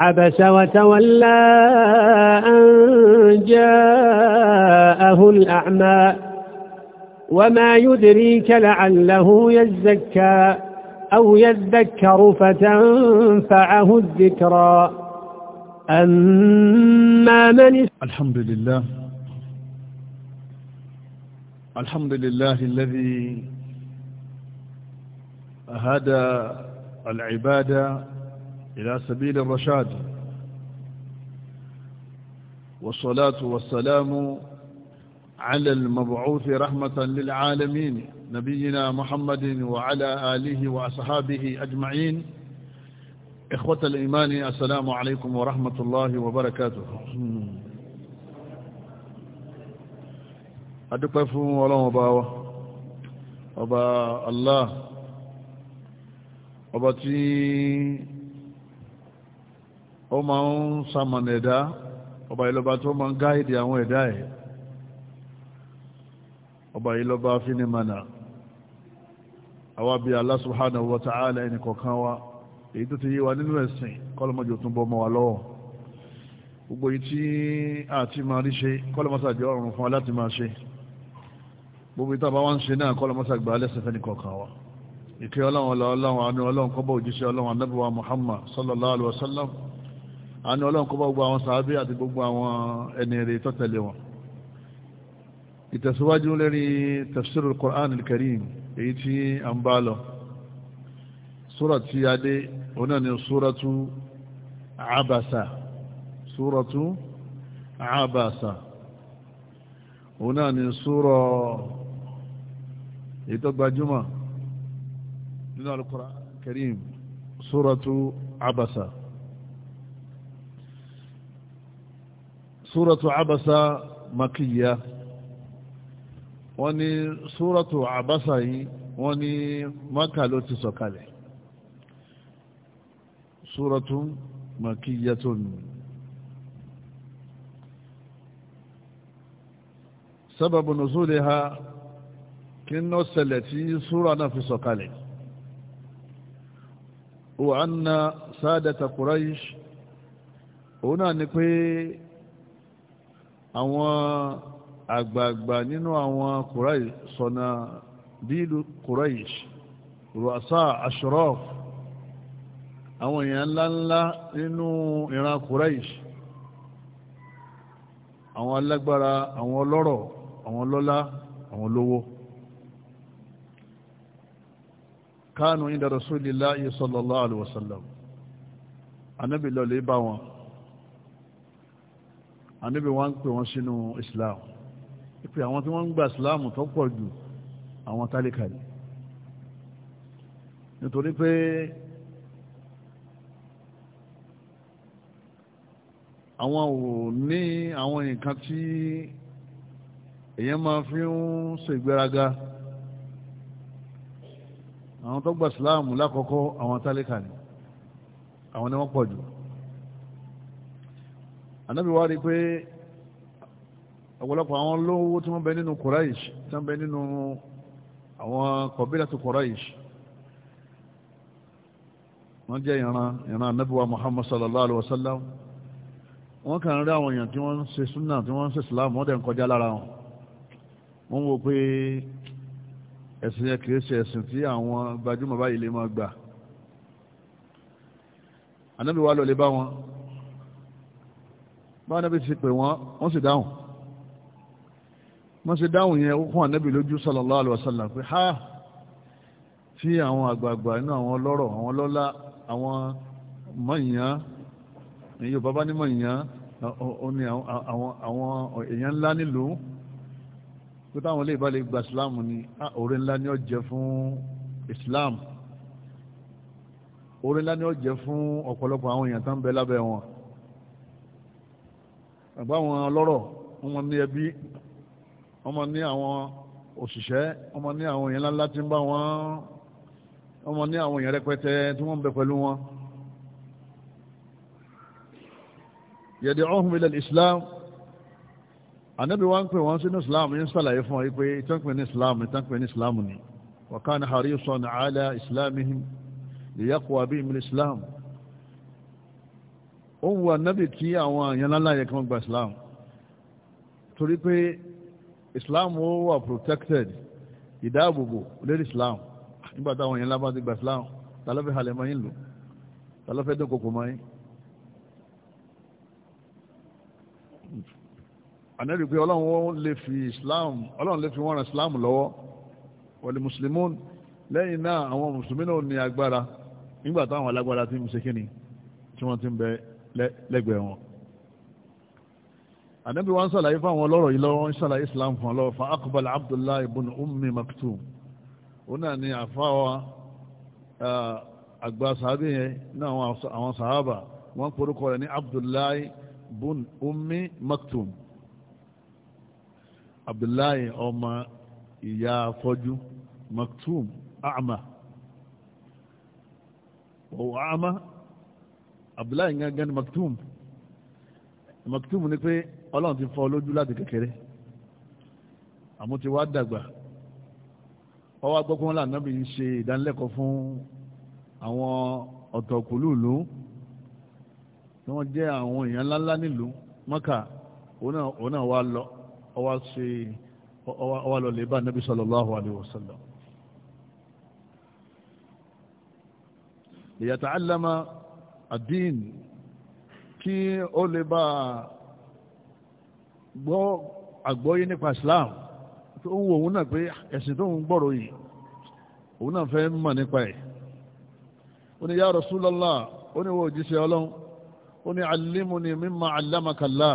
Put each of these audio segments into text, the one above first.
عبس وتولى أن جاءه الأعمى وما يدريك لعله يزكى أو يذكر فتنفعه الذكرى أما من الحمد لله الحمد لله الذي أهدى العبادة إلى سبيل الرشاد والصلاة والسلام على المبعوث رحمة للعالمين نبينا محمد وعلى آله وأصحابه أجمعين إخوة الإيمان السلام عليكم ورحمة الله وبركاته أدقفهم ولا مباوة ọba الله ọba ó máa ń sàmànà ẹ̀dá ọba ìlọba tó máa ń gáìdì àwọn ẹ̀dá ẹ̀ ọba ìlọba fínimànà àwábí Allah subhanahu wa ta'ala ẹni kọ̀ọ̀kan wa èyí tó ti yé wa nínú ẹ̀sìn kọ́lọ́mọ́jò tún bọ́ mọ́ wa lọ́wọ́ gbogbo yìí tí àti máa rí ṣe kọ́lọ́mọ́sàgbé ọ̀run fún wa láti máa ṣe gbogbo yìí tábà wá ń ṣe náà kọ́lọ́mọ́sàgbé alẹ́sẹ̀fẹ́ ní kọ̀ọ̀kan wa ìkẹ́ ọlọ́run ọlọ́run ọlọ́run kọ́bọ̀ òjíṣẹ́ ọlọ́run anábíwá Muhammad sallallahu alaihi wasallam àánú ọlọ́run kó bá gbogbo àwọn sàábé àti gbogbo àwọn ẹni rẹ̀ tó tẹ̀lé wọn ìtẹ̀síwájú lórí tafsirul Qur'an al-Karim èyí tí a ń bá lọ súra tí a dé ọ̀nà ni súratu Abasa súratu Abasa ọ̀nà ni súra èyí tó nínú al-Qur'an al-Karim súratu súrọ̀tù àbásá makíyà wọ́n ní súrọ̀tù àbásá yìí wọ́n ní maka ló ti sọ̀kalẹ̀ súrọ̀tù makíyà tó nù sábàbù nùsúlìhà kí ní ó ṣẹlẹ̀ tí súrọ̀ náà fi sọ̀kalẹ̀ wọ́n na ni pé àwọn àgbààgbà nínú àwọn Quraysh sọ̀nà bílù Quraysh rọ̀ṣà ashraf àwọn èèyàn ńláńlá nínú ìran Quraysh àwọn alágbára àwọn ọlọ́rọ̀ àwọn lọ́lá àwọn olówó kánú inda Rasulillahi sallallahu alaihi wasallam anábìlọ́lẹ̀ bá wọn ànábì wọn ń pè wọn sínú islam ìpè àwọn tí wọ́n ń gba islam tó pọ̀ jù àwọn tálíkà ni nítorí pé àwọn ò ní àwọn nǹkan tí èèyàn máa fi ń ṣègbéraga àwọn tó gba islam lákọ̀ọ́kọ́ àwọn tálíkà ni àwọn ni wọ́n pọ̀ jù anábì wá rí pé ọ̀pọ̀lọpọ̀ àwọn olówó tí wọ́n bẹ nínú Quraish tí wọ́n bẹ nínú àwọn kọ̀bílà tó Quraish wọ́n jẹ́ ìran ìran anábì wa Muhammad sallallahu alaihi wa sallam wọ́n kàn rí àwọn èèyàn tí wọ́n ń ṣe súnà tí wọ́n ń ṣe Islam wọ́n dẹ̀ ń kọjá lára wọn wọ́n wò pé ẹ̀sìn yẹn kìí ṣe ẹ̀sìn tí àwọn gbajúmọ̀ báyìí lè máa gbà anábì lọ lè bá wọn báwọn anábì ti pè wọ́n wọ́n sì dáhùn wọ́n sì dáhùn yẹn ó kún anábì lójú sallallahu alaihi wasallam pé ha tí àwọn àgbààgbà inú àwọn ọlọ́rọ̀ àwọn lọ́lá àwọn mọ̀nyán èyí bàbá ní mọ̀nyán ó ní àwọn èèyàn ńlá nílùú tó táwọn ilé ìbálẹ̀ gba islam ni oore ńlá ni ó fún islam oore ńlá ni ó fún ọ̀pọ̀lọpọ̀ àwọn èèyàn tó bẹ lábẹ́ wọn àgbà wọn lọ́rọ̀ wọ́n mọ ní ẹbí wọ́n mọ ní àwọn òṣìṣẹ́ wọ́n mọ ní àwọn èèyàn ńláńlá tí ń bá wọn wọ́n mọ ní àwọn èèyàn rẹpẹtẹ tí wọ́n ń bẹ pẹ̀lú wọn. yad'uhum ila al-islam ànábì wa ń pè wọ́n sínú islam yín sàlàyé fún ọ pé ìtànpẹ̀ ní islam ìtànpẹ̀ ní islam ni wa kana harisan ala islamihim liyaqwa bihim al-islam ó wu ànábì kí àwọn èèyàn lálá yẹ kí wọ́n gba islam torí pé islam ó wà protected ìdáàbòbò lórí islam nígbà táwọn èèyàn lábá ti gba islam tàlọ́fẹ́ halẹ̀ máa ń lò tàlọ́fẹ́ dín kòkò máa ń. ànábì pé ọlọ́run lè fi islam ọlọ́run lè fi wọ́n ran islam lọ́wọ́ wọlé mùsùlùmí lẹ́yìn náà àwọn mùsùlùmí náà ní agbára nígbà táwọn alágbára ti ń ṣe kíni tí wọ́n ti ń bẹ lẹ́gbẹ̀ẹ́ wọn ànábì wọn sàlàyé fáwọn ọlọ́rọ̀ yìí lọ́wọ́ ń sàlàyé islam fún ọlọ́wọ́ fún akọbal abdullahi ibn ummi maktum ó náà ni àfáwa àgbà sàábì yẹn náà àwọn sàábà wọ́n porúkọ rẹ̀ ní abdullahi ibn ummi maktum abdullahi ọmọ ìyá afọ́jú maktum àmà òwò àmà abdullahi gangan ni maktum maktum ni pé ọlọ́run ti fọ́ lójú láti kékeré àmú ti wá dàgbà ọwọ́ agbọ́kún ńlá náà bí ń ṣe ìdánilẹ́kọ̀ọ́ fún àwọn ọ̀tọ̀kùlú ìlú tí wọ́n jẹ́ àwọn èèyàn ńláńlá nílùú mọ́kà òun náà wá lọ ọwọ́ ṣe ọwọ́ lọ lè bá nábì sallallahu alaihi wasallam li yata'allama àdín kí ó lè bá gbọ́ àgbọ́yé nípa Islam tó ń wo òun náà pé ẹ̀sìn tó ń gbọ́rọ̀ yìí òun náà fẹ́ mọ̀ nípa ẹ̀ ó ní ya Rasulullah ó ní wo òjíṣẹ́ ọlọ́run ó ní allimuni mimma allamakalla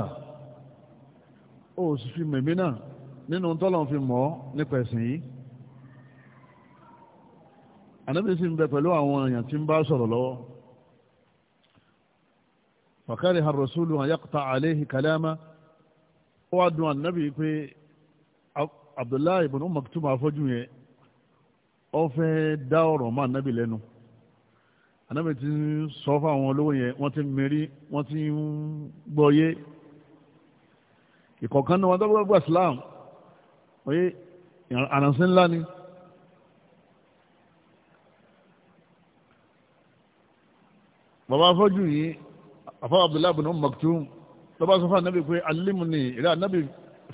ó sì fi mẹ̀mí náà nínú tọ́lọ́n fi mọ̀ nípa ẹ̀sìn yìí ànábìsí ń bẹ pẹ̀lú àwọn èèyàn tí ń bá sọ̀rọ̀ lọ́wọ́ wàkàrí harosulu wọn yàkùtà àléhi kàlámà ó wá dùn ànábì pé abdullahi ibn Umm Maktum afọ́jú yẹn ó fẹ́ dá ọ̀rọ̀ mọ́ ànábì lẹ́nu ànábì ti ń sọ fáwọn olówó yẹn wọ́n ti mérí wọ́n ti ń gbọ́yé ìkọ̀kan náà wọ́n tó gbọ́gbọ́ Islam oye àrànṣẹ́ ńlá ni. bàbá afọ́jú yìí àfọwọ́ abdullahi bin umm maktum lọ́ba sọ fún anabi pé alimuni ìrẹ́ anabi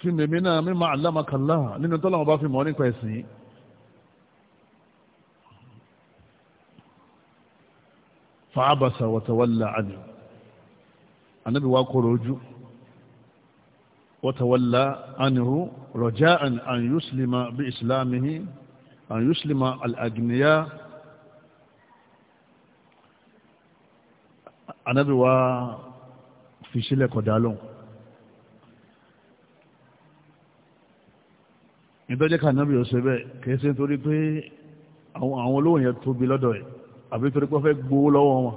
fi mèmí náà mímọ alámakàlá nínú tọ́lá wọn bá fi mọ́ nípa ẹ̀sìn fàábàsà wàtàwàlà àdì anabi wa kóró ojú wàtàwàlà ànìhù rọjá an yuslima bí islamihi an yuslima al-agniya anábì wa fi sílẹ̀ kọ̀dá lóhùn ìbẹ́jẹ́ ká nábì ọ̀sẹ̀ bẹ́ẹ̀ kìí ṣe nítorí pé àwọn olówó yẹn tóbi lọ́dọ̀ ẹ̀ àbí torí pé wọ́n fẹ́ gbowó lọ́wọ́ wọn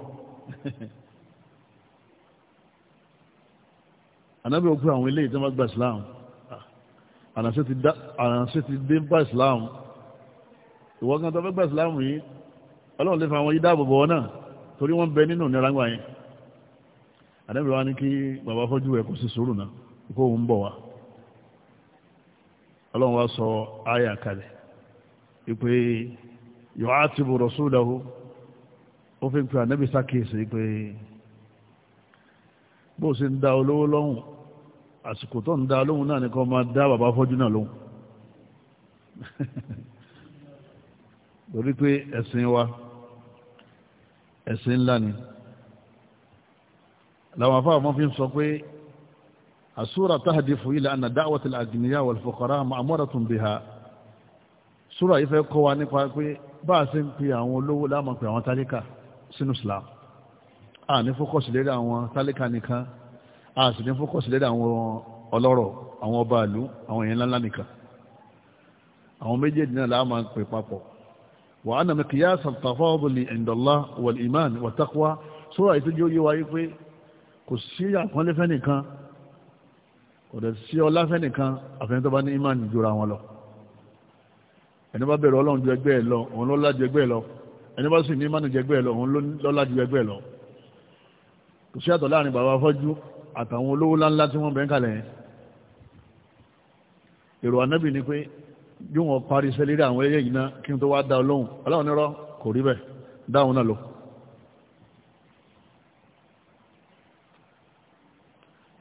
anábì ó àwọn ilé ìtẹ́ gba Islam àrànṣẹ́ ti dé bá Islam ìwọ́n kan tó fẹ́ gba Islam yìí ọlọ́run lè fa àwọn yìí dáàbò bọ̀ wọn náà torí wọ́n bẹ nínú ìnira ńgbà yẹn àdẹ́bí wa ní kí bàbá fọ́jú ẹ̀ kò sí sùúrù náà kó òun bọ̀ wá ọlọ́run wá sọ ayà kalẹ̀ ìpè yọ̀ọ́ àti bùrọ̀ sódàwó ó fi ń sákèsì bó ń da olówó lọ́hùn àsìkò tó ń da lóhùn náà nìkan máa dá bàbá fọ́jú náà lóhùn torí pé ẹ̀sìn wa ẹ̀sìn làwọn afáàmọ́ fi ń sọ pé àsúra tahdifu ila anna da'wat al-aghniya wal-fuqara ma'muratun biha súra yìí fẹ́ kọ́ wa nípa pé bá a ṣe ń pe àwọn olówó láàmà pé àwọn tálíkà sínú islam a ní fókọ̀sì lérí àwọn tálíkà nìkan a sì ní fókọ̀sì lérí àwọn ọlọ́rọ̀ àwọn ọba ìlú àwọn èèyàn ńláńlá nìkan àwọn méjèèjì náà láàmà pè papọ̀ wà á nà mí kìyà sàtàfọ́ ọ̀bùnì indallah wal iman wa taqwa súra yìí tó jẹ́ òye wáyé pé kò sí àpọ́nlé fẹ́nìkan kò dẹ̀ sí ọlá fẹ́nìkan àfẹ́ni tó bá ní ìmánì jura wọn lọ ẹni bá bẹ̀rù ọlọ́run ju ẹgbẹ́ ẹ lọ òun lọ́lá ju ẹgbẹ́ ẹ lọ ẹni bá sì ní ìmánì ju ẹgbẹ́ ẹ lọ òun lọ́lá ju ẹgbẹ́ ẹ lọ kò sí àtọ̀ láàrin bàbá afọ́jú àtàwọn olówó ńláńlá tí wọ́n bẹ̀ ń kalẹ̀ yẹn èrò ànábì ni pé bí wọ́n parí sẹ́lérí àwọn ẹlẹ́yìn náà kí n tó wá dá ọlọ́run ọlọ́run nírọ́ kò rí bẹ́ẹ̀ dáhùn náà lọ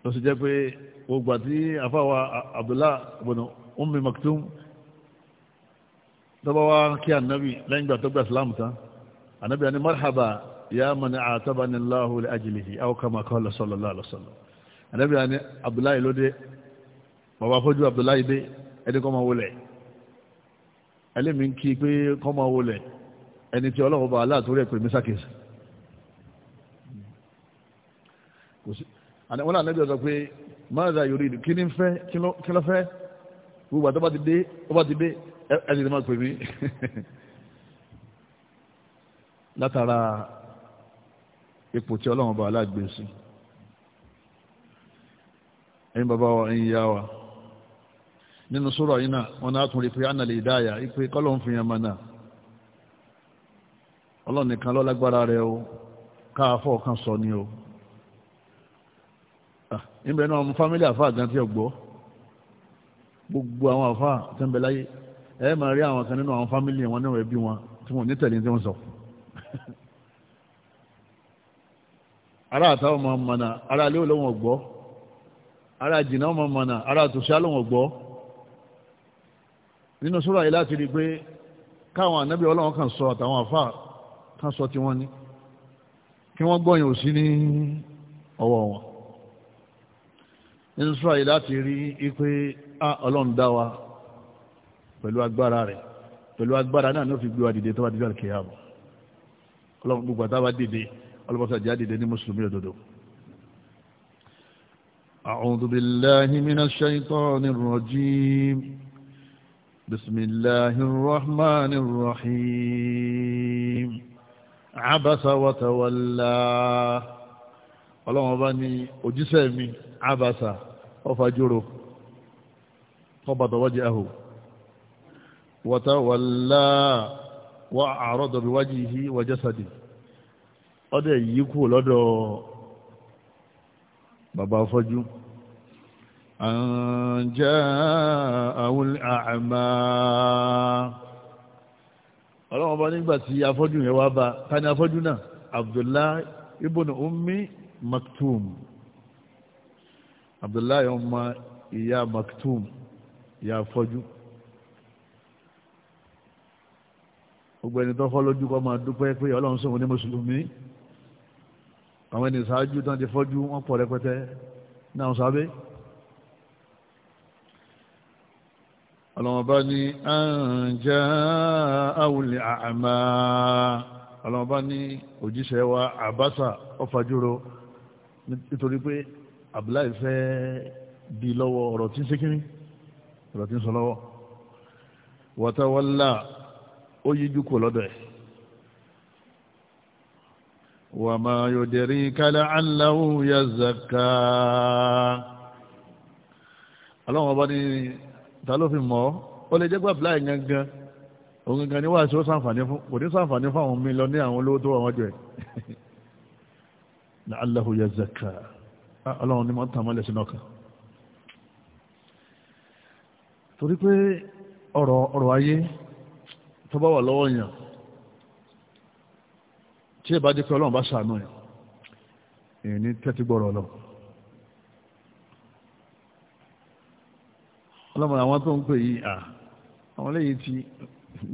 ló sì jẹ́ pé gbogbo àti àfáwà Abdullah ibn Ummi Maktum tọ́ba wá kí ànábì lẹ́yìn gbà tó gba ìsìláàmù tán ànábì àni marhaba ya man a'tabani Allahu li ajlihi aw kama qala sallallahu alaihi wasallam ànábì àni Abdullah lóde bàbá fojú Abdullah dé ẹni kọ́ máa wọlé ẹlẹ́mìí ń kí pé kọ́ máa wọlé wọn náà nẹ́bí ọ̀sọ̀ pé mọ́ra yorì kí ni fẹ́ kí ló fẹ́ gbogbo àti ọba ti dé ọba ti dé ẹ̀sìn ni máa pè mí látara ipò tí ọlọ́run bá aláàgbé sí ẹ̀yin bàbá wa ẹ̀yin ìyá wa nínú sọ́rọ̀ yìí náà wọn náà tún rí pé ánà lè dáyà ipe kọ́lọ̀ ń fi yàn mọ́nà ọlọ́run nìkan ló lágbára rẹ̀ o káàfọ́ kan sọ ni o. Ah, níbẹ̀ náà ọmọ fámílì àfa àgàn tí ọgbọ́ gbogbo àwọn àfa tó ń bẹ láyé ẹ máa rí àwọn kan nínú àwọn fámílì wọn náà ẹbí wọn tí wọn ò ní tẹ̀lé tí wọ́n sọ. ara àtàwọn ọmọ mọ̀nà ara ilé olóhùn ọ̀gbọ́ ara jìnnà ọmọ mọ̀nà ara àtúnṣe alóhùn ọ̀gbọ́ nínú sọ́ra yìí láti rí i pé káwọn ànábì ọlọ́run kan sọ àtàwọn àfa kan sọ tí wọ́n ní kí wọ́n gbọ́yìn òsì ní ọwọ́ wọn israel láti rí ipé ọlọ́run dá wa pẹ̀lú agbára rẹ̀ pẹ̀lú agbára náà ní ó fi gbé wa dìde tó bá dìde àkèyàmọ̀ ọlọ́run gbogbo àtàwà dìde ọlọ́pọ̀sà jẹ́ dìde ní mùsùlùmí òdodo أعوذ بالله من الشيطان الرجيم بسم الله الرحمن الرحيم عبس وتولى اللهم بني ni òjíṣẹ́ mi abasa ọfàjúro قبض وجهه وتولى tawalla بوجهه وجسده bi wajhihi wa jasadi ọdẹ yìí kú lọ́dọ̀ bàbá afọ́jú an ja'ahu al-a'ma ọlọ́wọ́n bá nígbà tí afọ́jú yẹn wá bá ta ni náà Abdullah ibn Ummi Maktum abdullahi ọmọ ìyá maktum ìyá afọ́jú gbogbo ẹni tó fọ́ lójú kọ́ máa dúpẹ́ pé ọlọ́run sọ̀rọ̀ ní mùsùlùmí àwọn ẹni ìsáájú tán ti fọ́jú wọ́n pọ̀ rẹpẹtẹ náà sábẹ́. ọlọ́mọba ní àǹjá àwùlẹ̀ àmà ọlọ́mọba ní òjíṣẹ́ wa àbáṣà ọ̀fàjúro nítorí pé abdullahi fẹ́ di lọ́wọ́ ọ̀rọ̀ tí ń ṣe kínní ọ̀rọ̀ tí ń sọ lọ́wọ́ wọ́tawọ́lá ó yíjú kò lọ́dọ̀ ẹ̀ wà máa yóò dẹ̀rí kálá aláwò ya zaka aláwọ̀ bá ní tàlófin mọ́ ó lè jẹ́gbà bláì gangan òun gangan ní wà sí ó sàǹfàní fún kò ní sàǹfàní fún àwọn mílíọ̀nù ní àwọn olówó tó wà wọ́n jọ ẹ̀ na aláwò ya zaka ọlọ́run ní mọ́tàn mọ́lẹ̀ sínú ọkàn torí pé ọ̀rọ̀ ọ̀rọ̀ ayé tó bá wà lọ́wọ́ yàn tí ìbá dé pé ọlọ́run bá ṣàánú yàn èyí ní tẹ́tí gbọ́rọ̀ ọlọ́run ọlọ́run àwọn tó ń pè yí à àwọn lẹ́yìn ti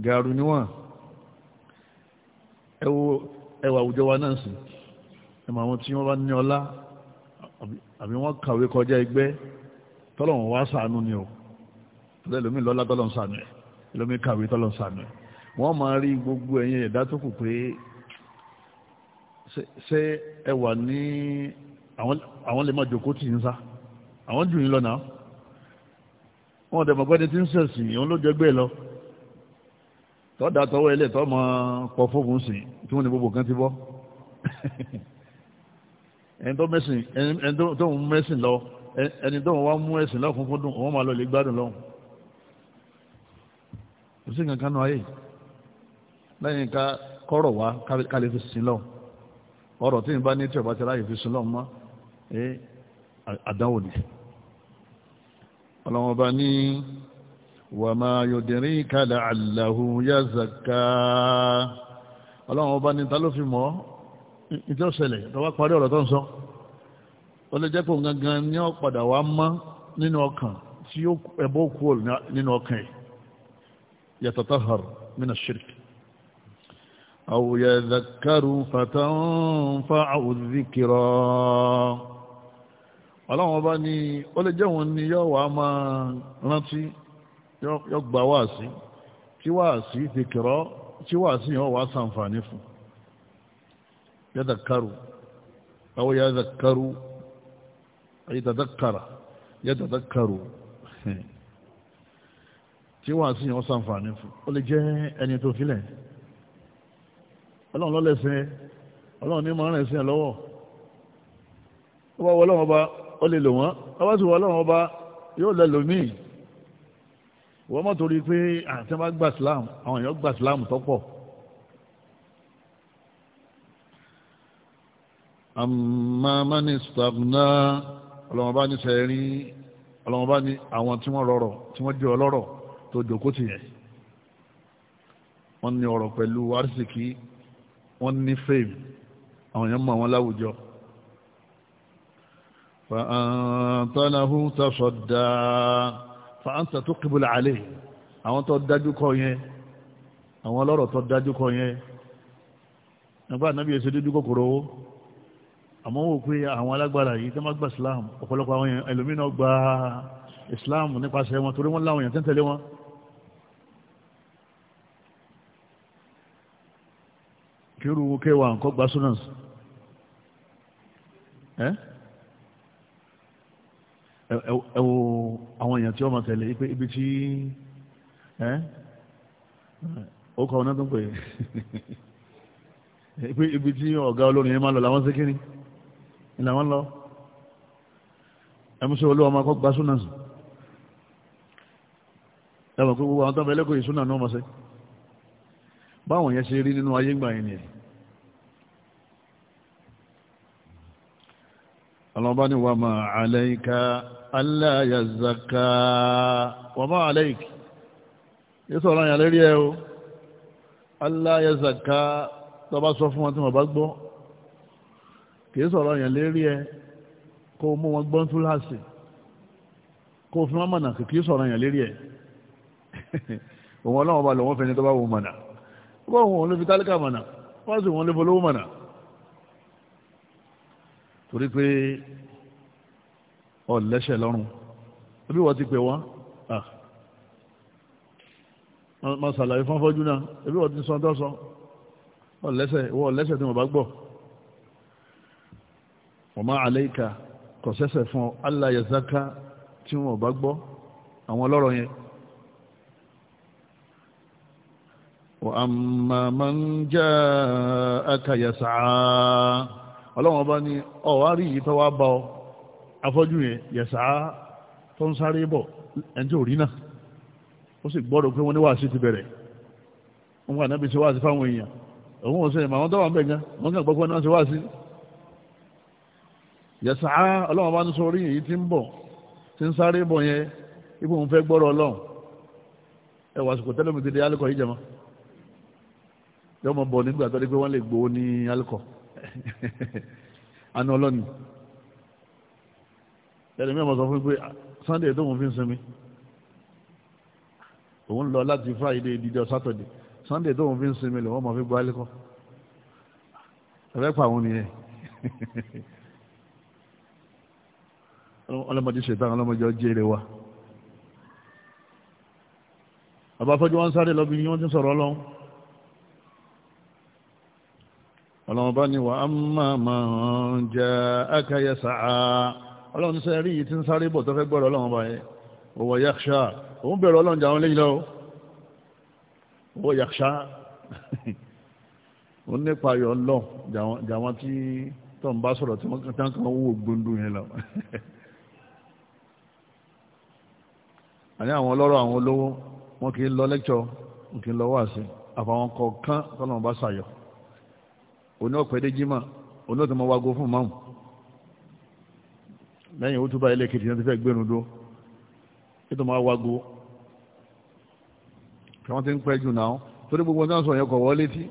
gàrú níwọ̀n ẹ wo ẹwà àwùjọ wa náà sì ẹ̀mọ̀ àwọn tí wọ́n bá ní ọlá àbí wọ́n kàwé kọjá ẹgbẹ́ tọ́lọ̀wọ̀n wá sànú ni o tọ́lẹ̀ lómi lọ́lá tọ́lọ̀ ń sànú ẹ̀ lómi kàwé tọ́lọ̀ ń sànú ẹ̀ wọ́n máa rí gbogbo ẹ̀yin ẹ̀dá tó kù pé ṣé ẹ wà ní àwọn lè má jòkó tì ń sá àwọn jù yín lọ́nà wọn dẹ̀ mọ̀gbẹ́ni tí ń sẹ̀sìn òun ló jẹ́ gbé e lọ tọ́ da tọwọ́ ilé tọ́ mọ pọ̀ fóògùn sìn tí wọ́n ní gbogbo kan ti bọ́ ẹni tó mẹ́sìn ẹni tó ń mẹ́sìn lọ ẹni tó ń wá mú ẹ̀sìn lọ́kùn fún dùn wọ́n máa lọ lè gbádùn lọ́hùn kò sí nǹkan kanú ayé lẹ́yìn ká kọ́rọ̀ wá ká lè fi sin lọ ọ̀rọ̀ tí n bá ní tí ọba ti ráyè fi sin lọ mọ́ ẹ àdánwò ni ọlọ́wọ́n bá ní wà máa yòdìrí kálá àlàhùn yá zàká ọlọ́wọ́n bá ní ta ló fi mọ́ ọ́ ìjọsẹ̀lẹ̀ tọwọ́ parí ọ̀rọ̀ tó ń sọ ó lè jẹ́ pé gangan ní ọ̀padà wá mọ́ nínú ọkàn tí ẹbọ́ kú ò nínú ọkàn yatatahar min ash-shirk aw yadhakkaru fatanfa'u adh-dhikra ọlọ́wọ́n bá ní ó lè jẹ́ òun ni yọ́ wàá máa rántí yọ́ gbà wáàsí tí wáàsí zikra tí wáàsí yọ́ wàá sàǹfààní fún un يذكر أو يذكر أي تذكر يتذكر tí wọ́n sì yàn sànfàní fún ó lè jẹ́ ẹni tó filẹ̀ ọlọ́run lọ́lẹ́sẹ̀ ọlọ́run ní mọ́rán ẹ̀sìn lọ́wọ́ ó bá wọ ọlọ́run ọba ó lè lò wọ́n ó bá sì wọ ọlọ́run ọba yóò lè lò míì wọ́n mọ̀ torí pé àti wọ́n bá gba Islam àwọn èèyàn gba Islam tó amma man istaghna ọlọ́mọba ní sẹ́rí ọlọ́mọba ní àwọn tí wọ́n rọrọ̀ tí wọ́n jẹ́ ọlọ́rọ̀ tó jòkó tì yẹn wọ́n ní ọ̀rọ̀ pẹ̀lú arísìkí wọ́n ní fèm àwọn èèyàn mọ̀ wọn láwùjọ fa'antalahu tasadda fa'anta tuqbil alayhi àwọn tó dájú kọ yẹn àwọn ọlọ́rọ̀ tó dájú kọ yẹn nígbà náà bí èsì kòkòrò owó àmọ́ wò pé àwọn alágbára yìí tẹ́ má gba islam ọ̀pọ̀lọpọ̀ àwọn èèyàn ẹlòmínà gba islam nípasẹ̀ wọn torí wọ́n láwọn èèyàn tẹ́ntẹ̀lé wọn kírú kéwàá nǹkan gba sunans ẹ́ ẹ wo àwọn èèyàn tí wọ́n máa tẹ̀lé pé ibi tí ẹ́ ó kọ́ ọ tó ń pè é pé ibi tí ọ̀gá olórin yẹn máa lọ làwọn ṣe kí ni ìlà wọn lọ ẹmúṣẹ́ olúwa ọmọ akọ́gbà súnà sí ẹmọ̀ pé gbogbo àwọn tó bẹ̀lẹ́kọ̀ yìí súnà náà mọ̀ṣẹ́ báwọn yẹn ṣe rí nínú ayé gbà yẹn nìyẹn ọlọ́ba ni wà máa alayka alla wà máa alayki yóò sọ̀rọ̀ yẹn lérí ẹ o alla yazzaka sọ fún wọn tí wọn bá gbọ́ kìí sọ̀rọ̀ yẹn lérí ẹ kó mú wọn gbọ́n túláàsì kó fi wọn mọ̀nà kìí sọ̀rọ̀ yẹn lérí ẹ òun ọlọ́wọ́n bá lọ́wọ́ fẹ́ni tó bá wù mọ̀nà ó bá wọn ló fi tálíkà mọ̀nà wọ́n sì wọn ló folówó mọ̀nà torí pé ọ̀lẹ́sẹ̀ lọ́rùn bí wọ́n ti pè wọ́n ah. ma ṣàlàyé fọ́nfọ́jú náà bí wọ́n ti sọ tọ́sọ ọ̀lẹ́sẹ̀ ìwọ ọ̀lẹ́sẹ̀ tí wọ́n bá gbọ́ wọ́n máa àlẹ́ìka kò sẹ́sẹ̀ fún ọ aláyẹ̀záká tí wọ́n bá gbọ́ àwọn ọlọ́rọ̀ yẹn wọ́n a máa ń jẹ́ akàyẹ̀sà ọlọ́wọ́n bá ní ọ̀wárí yìí tó wá bá ọ afọ́jú yẹn yẹ̀sà tó ń sáré bọ̀ ẹni ò rí náà ó sì gbọ́dọ̀ pé wọ́n ní wàásù ti bẹ̀rẹ̀ wọ́n wà náà bí ṣe fáwọn èèyàn òun ò sẹ́yìn màwọn tó wà bẹ̀ gan wọ́n kàn gbọ́ pé wọ́n náà ṣe wàásù yẹ̀sà á ah, ọlọ́run bá ń sọ orí yìí tí ń bọ̀ tí ń sáré bọ̀ yẹn ipò òun fẹ́ gbọ́rọ̀ ọlọ́run ẹ wà sùkò tẹ́lẹ̀ mi ti di alikọ yìí jẹma yọ mọ bọ̀ nígbà tó di pé wọ́n lè gbowó ní alikọ àna ọlọ́ni ẹ̀rẹ̀ mi ò mọ̀ sọ fún mi pé Sunday tó ń fi sinmi òun lọ láti Friday dídí sátọ̀dé Sunday tó ń fi sinmi lè wọ́n mọ̀ fi gbọ́ alikọ ẹ̀fẹ́ pa àwọn nìyẹn. ọlọ́mọdé ṣètàn ọlọ́mọdé ọjẹ́rẹ́ wa àbáfọ́jú wọn sáré lọ́bí yí wọ́n ti sọ̀rọ̀ ọlọ́run ọlọ́run bá ní wà á máa jẹ́ akáyẹ sàá ọlọ́run ní sẹ́rí yìí ti ń sáré bọ̀ tó fẹ́ gbọ́rọ̀ bá yẹ owó yaksha òun bẹ̀rẹ̀ ọlọ́run jà wọn lẹ́yìn owó yaksha òun nípa ayọ̀ ọlọ́run jà wọn tí tó ń bá sọ̀rọ̀ tí wọ́n kàn wó gbóndó yẹn lọ àní àwọn ọlọ́rọ̀ àwọn olówó wọn kì í lọ lẹ́kṣọ̀ wọn kì í lọ wáàsí àfàwọn kọ̀ọ̀kan tọ́lọ́wọ́n bá ṣàyọ̀ oní ọ̀pẹ̀dé jimá oní ọ̀tọ̀ máa wago fún máàmù lẹ́yìn ó túbà ilé kejì náà ti fẹ́ gbénu dó ètò máa wago kí wọ́n ti ń pẹ́ jù náà torí gbogbo náà sọ yẹn kọ̀ wọ́n létí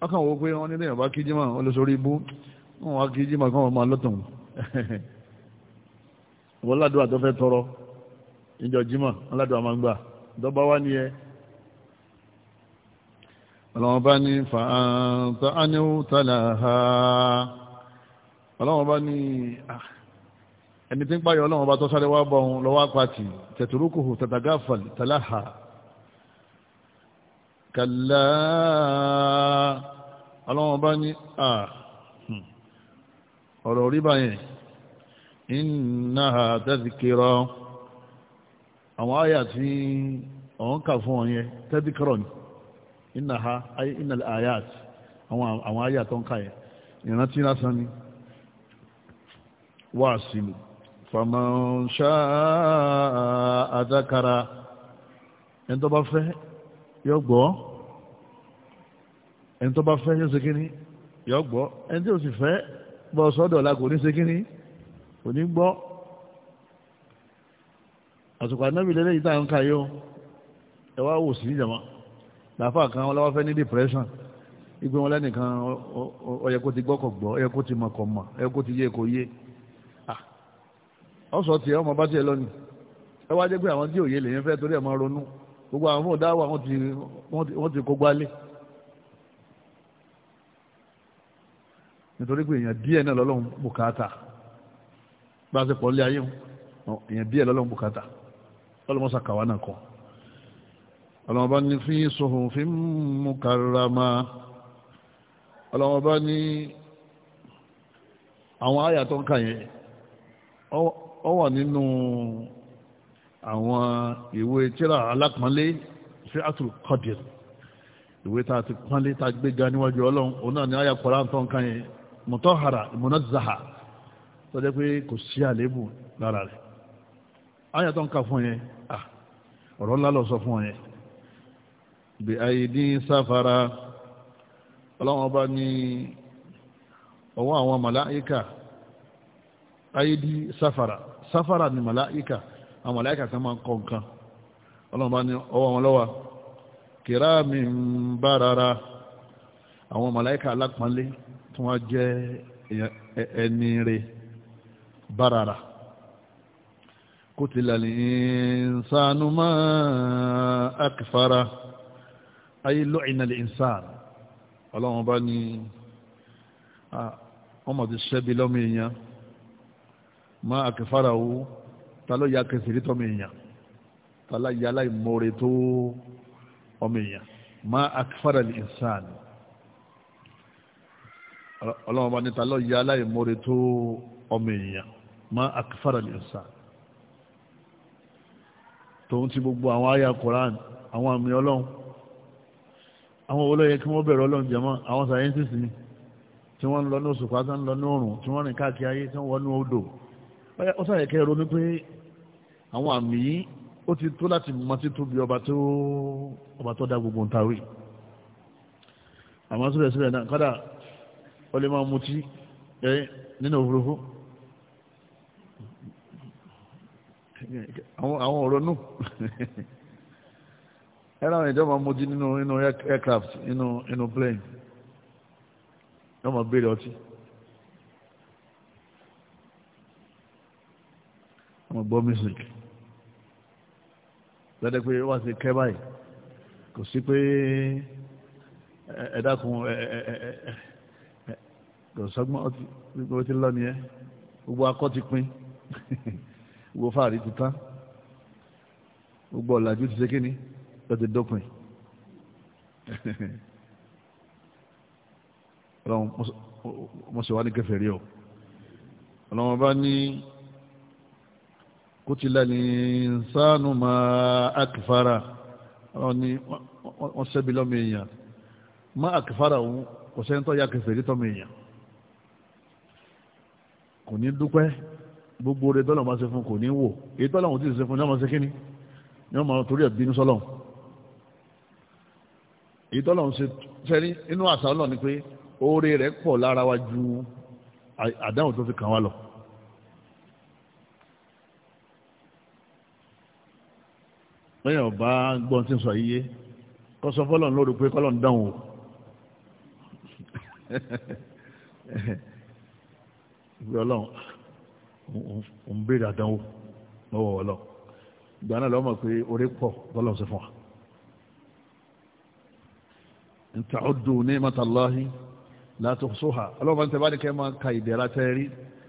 wọ́n kàn wọ́n pé wọ́n nílé yàrá kí jimá wọn lè sórí ibú wọn wá kí jimá kí wọ́n máa lọ́tọ̀ wọn ládùúgbà tó fẹ́ tọrọ níjọ jímọ̀ aládùn àmàgbà dọ́bá wá ní ẹ ọlọ́wọ́n bá ní fàáńtà áníwò tààlà ha ọlọ́wọ́n bá ní ah, ẹni tí ń pààyọ ọlọ́wọ́n bá tó sáré wá bọ̀ ohun lọ́wọ́ pàtì tẹ̀tùrúkùhù tàtàgáfà tààlà ha kàlá ọlọ́wọ́n bá ní ah, hmm, ọ̀rọ̀ orí báyẹn innaha tazkira àwọn àyà tí ọ̀hún kà fún ọ yẹn tẹ́tí kọ́rọ̀ ni iná ha iná àyà àwọn àyà tó ń kà yẹn ìrántí lásán ni wá sílù faman sha'a dhakara ẹni tó bá fẹ́ yọ gbọ́ ẹni tó bá fẹ́ yọ sekínì yọ gbọ́ ẹni tí ó sì fẹ́ bọ́ sọ́dọ̀ la kò ní sekínì kò ní gbọ́ àsùkò ànábì lẹ́lẹ́ yìí tá à ń ka yó ẹ wá wò sí ìjàmá làáfà kan wọn lọ́wọ́ ní depression igbe wọn lẹ́nìkan ó yẹ kó ti gbọ́kọ̀ gbọ́ ó yẹ kó ti mọ̀kọ̀ mọ̀ ó yẹ kó ti yé kó yé ọ̀sọ̀ tiẹ̀ ọmọ bá tiẹ̀ lọ́nìí ẹ wá jẹ́ pé àwọn tí òye lèyìn fẹ́ torí ẹ̀ máa ronú gbogbo àwọn fún ọ̀dáwà wọ́n ti kó gbálé nítorí pé èèyàn díẹ̀ náà lọ́lọ́run bùkátà bá a ṣe pọ̀ lé ayé wọn èèyàn díẹ̀ lọ́lọ́run bùkátà ọlọ́mọ́sà kàwá náà kọ́ ọlọ́mọba ní fi suhufin mukarrama ọlọ́mọba ní àwọn àyà tó ń kà yẹn ọ wà nínú àwọn ìwé tíra alápọ̀nlé sí àtúrò kọ́dìr ìwé tá a ti pọ́nlé tá a gbéga níwájú ọlọ́run òun náà ní àyà kọ́ra tó ń kà yẹn mutahhara munazzaha tó jẹ́ pé kò sí àléébù lára rẹ̀ àyà tó ń ka fún yẹn ọ̀rọ̀ ńlá lọ sọ fún yẹn bí àìdí sáfara ọlọ́wọ́n bá ní ọwọ́ àwọn màláíkà àìdí sáfara sáfara ni màláíkà àwọn màláíkà kan máa ń kọ nǹkan ọlọ́wọ́n bá ní ọwọ́ wọn lọ́wọ́ kìráàmì ń bá rárá àwọn màláíkà alápọ̀nlé tí wọ́n jẹ́ ẹni rẹ̀ bá rárá. قتل الإنسان ما أكفره أي لعن الإنسان ọlọ́run bá ní ọmọ ti ṣẹ́bi lọ́mọ èèyàn má àkẹfàrà ó ta ló ya kẹsìrí tọmọ èèyàn ta lá ya aláìmoore tó ọmọ èèyàn má àkẹfàrà lè sàn ọlọ́run bá ní ta ló ya aláìmoore tó ọmọ èèyàn má àkẹfàrà lè sàn tòun ti gbogbo àwọn àyà koran àwọn àmì ọlọ́run àwọn olóyè kí wọ́n bẹ̀rẹ̀ ọlọ́run jẹ́mọ́ àwọn sàyẹ́ntìsì ni tí wọ́n ń lọ ní oṣù pátá ń lọ ní oòrùn tí wọ́n rìn káàkiri ayé tí wọ́n wọ́n ní odò ó sàyẹ̀ kẹ́ ronú pé àwọn àmì yìí ó ti tó láti mọ títóbi ọba tó ọba tó dá gbogbo ntàwé àmọ́ síbẹ̀síbẹ̀ náà kọ́dà ó lè máa mutí nínú òfurufú àwọn ọ̀rọ̀ nù ẹ̀rọ àwọn ìjọba mojú nínú nínú aircraft nínú nínú plane wọ́n máa béèrè ọtí wọ́n máa gbọ́ music lọ́dẹ pé wọ́n ti kẹ́ báyìí kò sí pé ẹ dákun ẹ ẹ ẹ ẹ kò sọ́gbọ́n ọtí gbogbo ti lọ nìyẹn gbogbo akọ́ ti pin. gbogbo fáàrí ti tán gbogbo ọ̀làjú ti ṣe kí ni ló ti dópin ọlọ́run mọ̀sẹ̀ wá ní kẹfẹ́ rí ọ ọlọ́run bá ní kutila linsanu ma akfara ọlọ́run ní wọ́n sẹ́bi lọ́mọ èèyàn ma akfara òun kò sẹ́ńtọ́ ya kẹfẹ́ rí tọ́mọ èèyàn kò ní dúpẹ́ gbogbo oore tọ́lọ̀ máa ṣe fún kò ní wò èyí tọ́lọ̀ òun ti ṣe fún ní ọmọ ṣe kíní ní ọmọ torí ẹ̀ bínú sọ́lọ̀ èyí tọ́lọ̀ òun ṣe sẹ́rí inú àṣà ọlọ́ ni pé oore rẹ̀ pọ̀ lára wa ju àdáhùn tó fi kàn wá lọ. lẹ́yìn ọba gbọ́n tí ń sọ yíyé kọ́ sọ fọ́lọ̀ ń lórí pé kọ́lọ̀ ń dáhùn o ìgbé ọlọ́run ń béèrè àdánwò lọ́wọ́ ọlọ́ ìgbà náà lọ́mọ pé orí pọ̀ bọ́lọ̀ sí fún wa in ta'uddu ni'matallahi la tuhsuha ọlọ́pàá tẹ bá ní kẹ́ máa ka ìdẹ̀ra tẹ́ rí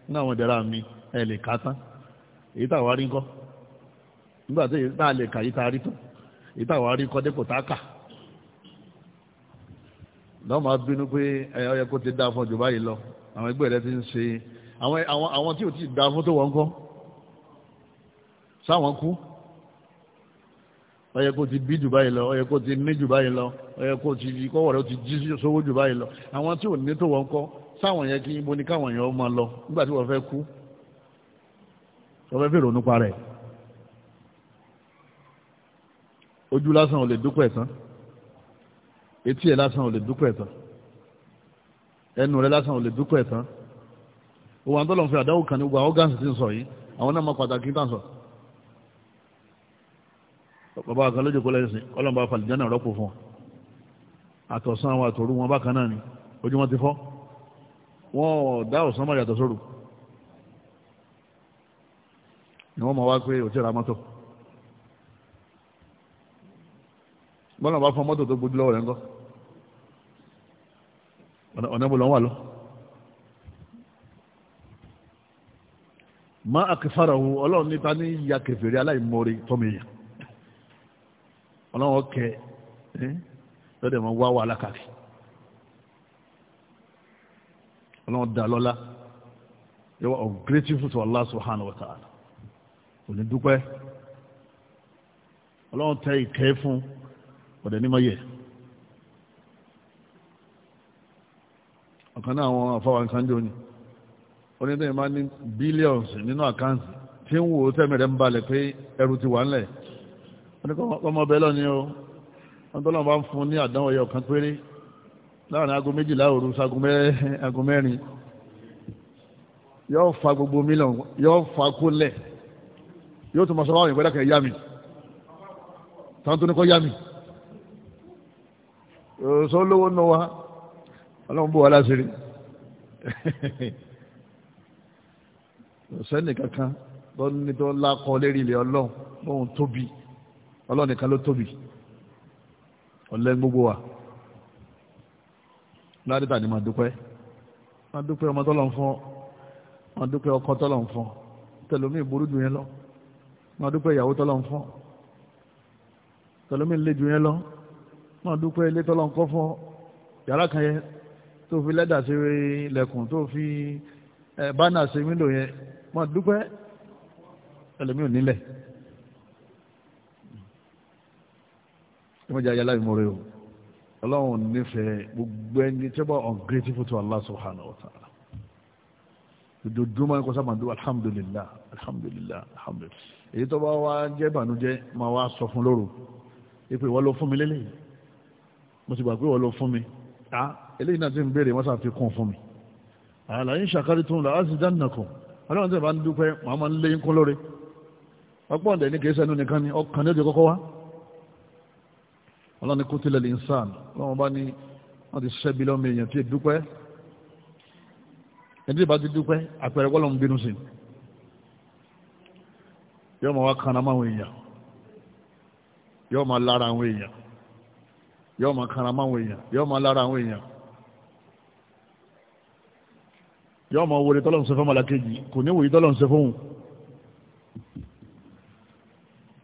ní àwọn ìdẹ̀ra mi ẹ̀ lè ká tán èyí tàwa rí ńkọ́ nígbà tí tá a lè kà yìí tá a rí tán èyí tàwa rí ńkọ́ dépò tá a kà lọ́mọ bínú pé ẹ̀yọ́ yẹ kó ti dá fún ọjọ́ báyìí lọ àwọn ẹgbẹ́ rẹ ti ń ṣe àwọn tí ò ti da fótó wọn kọ́ sáwọn kú ó yẹ kó ti bí jù báyìí lọ ó yẹ kó ti ní jù báyìí lọ ó yẹ kó ti kọ́wọ́ rẹ̀ ó ti jí sówó jù báyìí lọ àwọn tí ò ní tó wọn kọ́ sáwọn yẹn kí ibo ni káwọn èèyàn máa lọ nígbà tí wọ́n fẹ́ kú wọ́n fẹ́ fèrò nípa rẹ̀ ojú lásán ò lè dúpẹ́ tán etí ẹ̀ lásán ò lè dúpẹ́ tán ẹnu rẹ̀ lásán ò lè dúpẹ́ tán òwò àwọn tọ́lọ̀ ń fi àdáwò kan ní gbogbo àwọn gáàsì tí ń sọ yìí àwọn náà mọ pàtàkì tá à ń sọ. bàbá kan lójú kọlẹ́ ẹ̀sìn ọlọ́run bá falẹ̀ jẹ́nà rọ́pò fún ọ àtọ̀sán àwọn àtòrú wọn bákan náà ni ojú wọn ti fọ́ wọn ò dá ọ̀sán mọ̀ yàtọ̀ sóru ni wọ́n mọ̀ wá pé òtí ra mọ́tò bọ́lá bá fọ mọ́tò tó gbójú lọ́wọ́ rẹ̀ ńkọ́ ọ̀nà ìbò lọ́wọ́ lọ́wọ́ ma akẹfàràwò ọlọ́run nípa ní ya kẹfẹ̀rẹ̀ aláìmọ́re tọ́mìyàn ọlọ́run ọkẹ lọ́dẹ̀ mọ́ wá wà lákàtì ọlọ́run dá lọ́lá they were Allah subhanahu wa ta'ala òní dúpẹ́ ọlọ́run tẹ ìkẹ́ fún ọ̀dẹ̀ ní ọ̀kan náà àwọn onídẹ́yìn máa ní billions nínú àkáǹtì tí ń wò ó tẹ́mẹ̀rẹ̀ ń balẹ̀ pé ẹrù ti wà ńlẹ̀ ọmọbẹ̀ lọ́ni o ọdọ́lọ́wọ́ bá ń fún ní àdánwò ẹyọ kan péré láàrin aago méjìlá òru sago mẹ́rin yóò fa gbogbo mílíọ̀n yóò fa kó lẹ̀ yóò tún mọ sọ́wọ́ àwọn ìgbẹ́dàkẹ́ yá mi táwọn tó ní kọ́ yá mi òṣòlówó náà wá ọlọ́run bó wa láṣìírí sẹ́ni kankan tó ní tó lákọ lérí ilẹ̀ ọlọ́run bóun tóbi ọlọ́run nìkan ló tóbi ọ̀lẹ́ gbogbo wa ládìtà ni màá dúpẹ́ màá dúpẹ́ ọmọ tọ́lọ̀ ń fọ́ màá dúpẹ́ ọkọ tọ́lọ̀ ń fọ́ tẹlomi ìború dùn yẹn lọ màá dúpẹ́ ìyàwó tọ́lọ̀ ń fọ́ tẹlomi ìlé dùn yẹn lọ màá dúpẹ́ ilé tọ́lọ̀ ń kọ́ fọ́ yàrá kan yẹn tó fi lẹ́dà sí ilẹ̀kùn tó fi bánà sí wíńdò yẹn máa dúpẹ́ ẹlòmí ò nílẹ̀ ìmọ̀jà ayálà ìmọ̀rẹ́ o ọlọ́run nífẹ̀ẹ́ gbogbo ẹni tí ó bá ungrateful to Allah subhanahu wa ta'ala ojoojúmọ́ ẹ̀kọ́ sábà ń dúró alhamdulillah alhamdulillah alhamdulillah èyí tó bá wá jẹ́ ìbànújẹ́ máa wá sọ fún lóru ipò ìwọ ló fún mi lélẹ́yìn mo ti gbà pé ìwọ ló fún mi ah eléyìí náà ti ń béèrè wọ́n sàfikún fún mi àlàyé ń tó ń lọ á sì ọlọ́run tẹ̀ bá ń dúpẹ́ màá máa ń lé kún lórí ọgbọ́n dẹ̀ ní kìí sẹ́nu nìkan ni ọkàn ní ojú kọ́kọ́ wá ọlọ́run ní kó tilẹ̀ lè ń sàn ọlọ́run bá ní wọ́n ti ṣiṣẹ́ bí lọ́mọ èèyàn tí ì dúpẹ́ ẹni tí ì bá ti dúpẹ́ àpẹẹrẹ wọ́n lọ́n bínú sí yọ́ọ́ máa wá kan náà máwọn èèyàn yọ́ọ́ máa lára àwọn èèyàn yọ́ọ́ máa kan náà máwọn èèyàn yọ́ọ́ máa lára àwọn èèyàn yọ́ ma wòrè tọ́lọ́n ṣe fún malakeji kò ní wòye tọ́lọ́n ṣe fún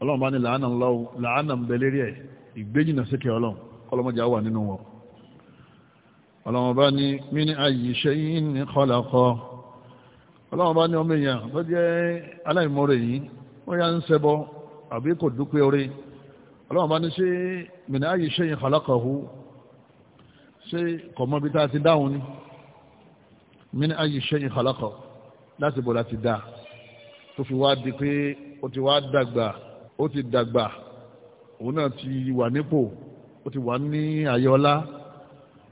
ọlọ́run bá ní làánà lọ́wọ́ làánà ń bẹ lérí ẹ̀ ìgbéjìnà síkẹ̀ ọlọ́run kọlọmọjà wà nínú wọn ọlọ́run bá ní min ayyi shay'in khalaqa ọlọ́run bá ní ọmọ èèyàn tó jẹ́ aláìmọ́rẹ̀ yìí ń ṣẹbọ ọlọ́run bá ní ṣe min ayyi shay'in khalaqahu min ayi shay'in khalaqa láti bọ̀ láti dá tó fi wá di pé ó ti wá dàgbà ó ti dàgbà òun náà ti wà nípò ó ti wà ní àyọlá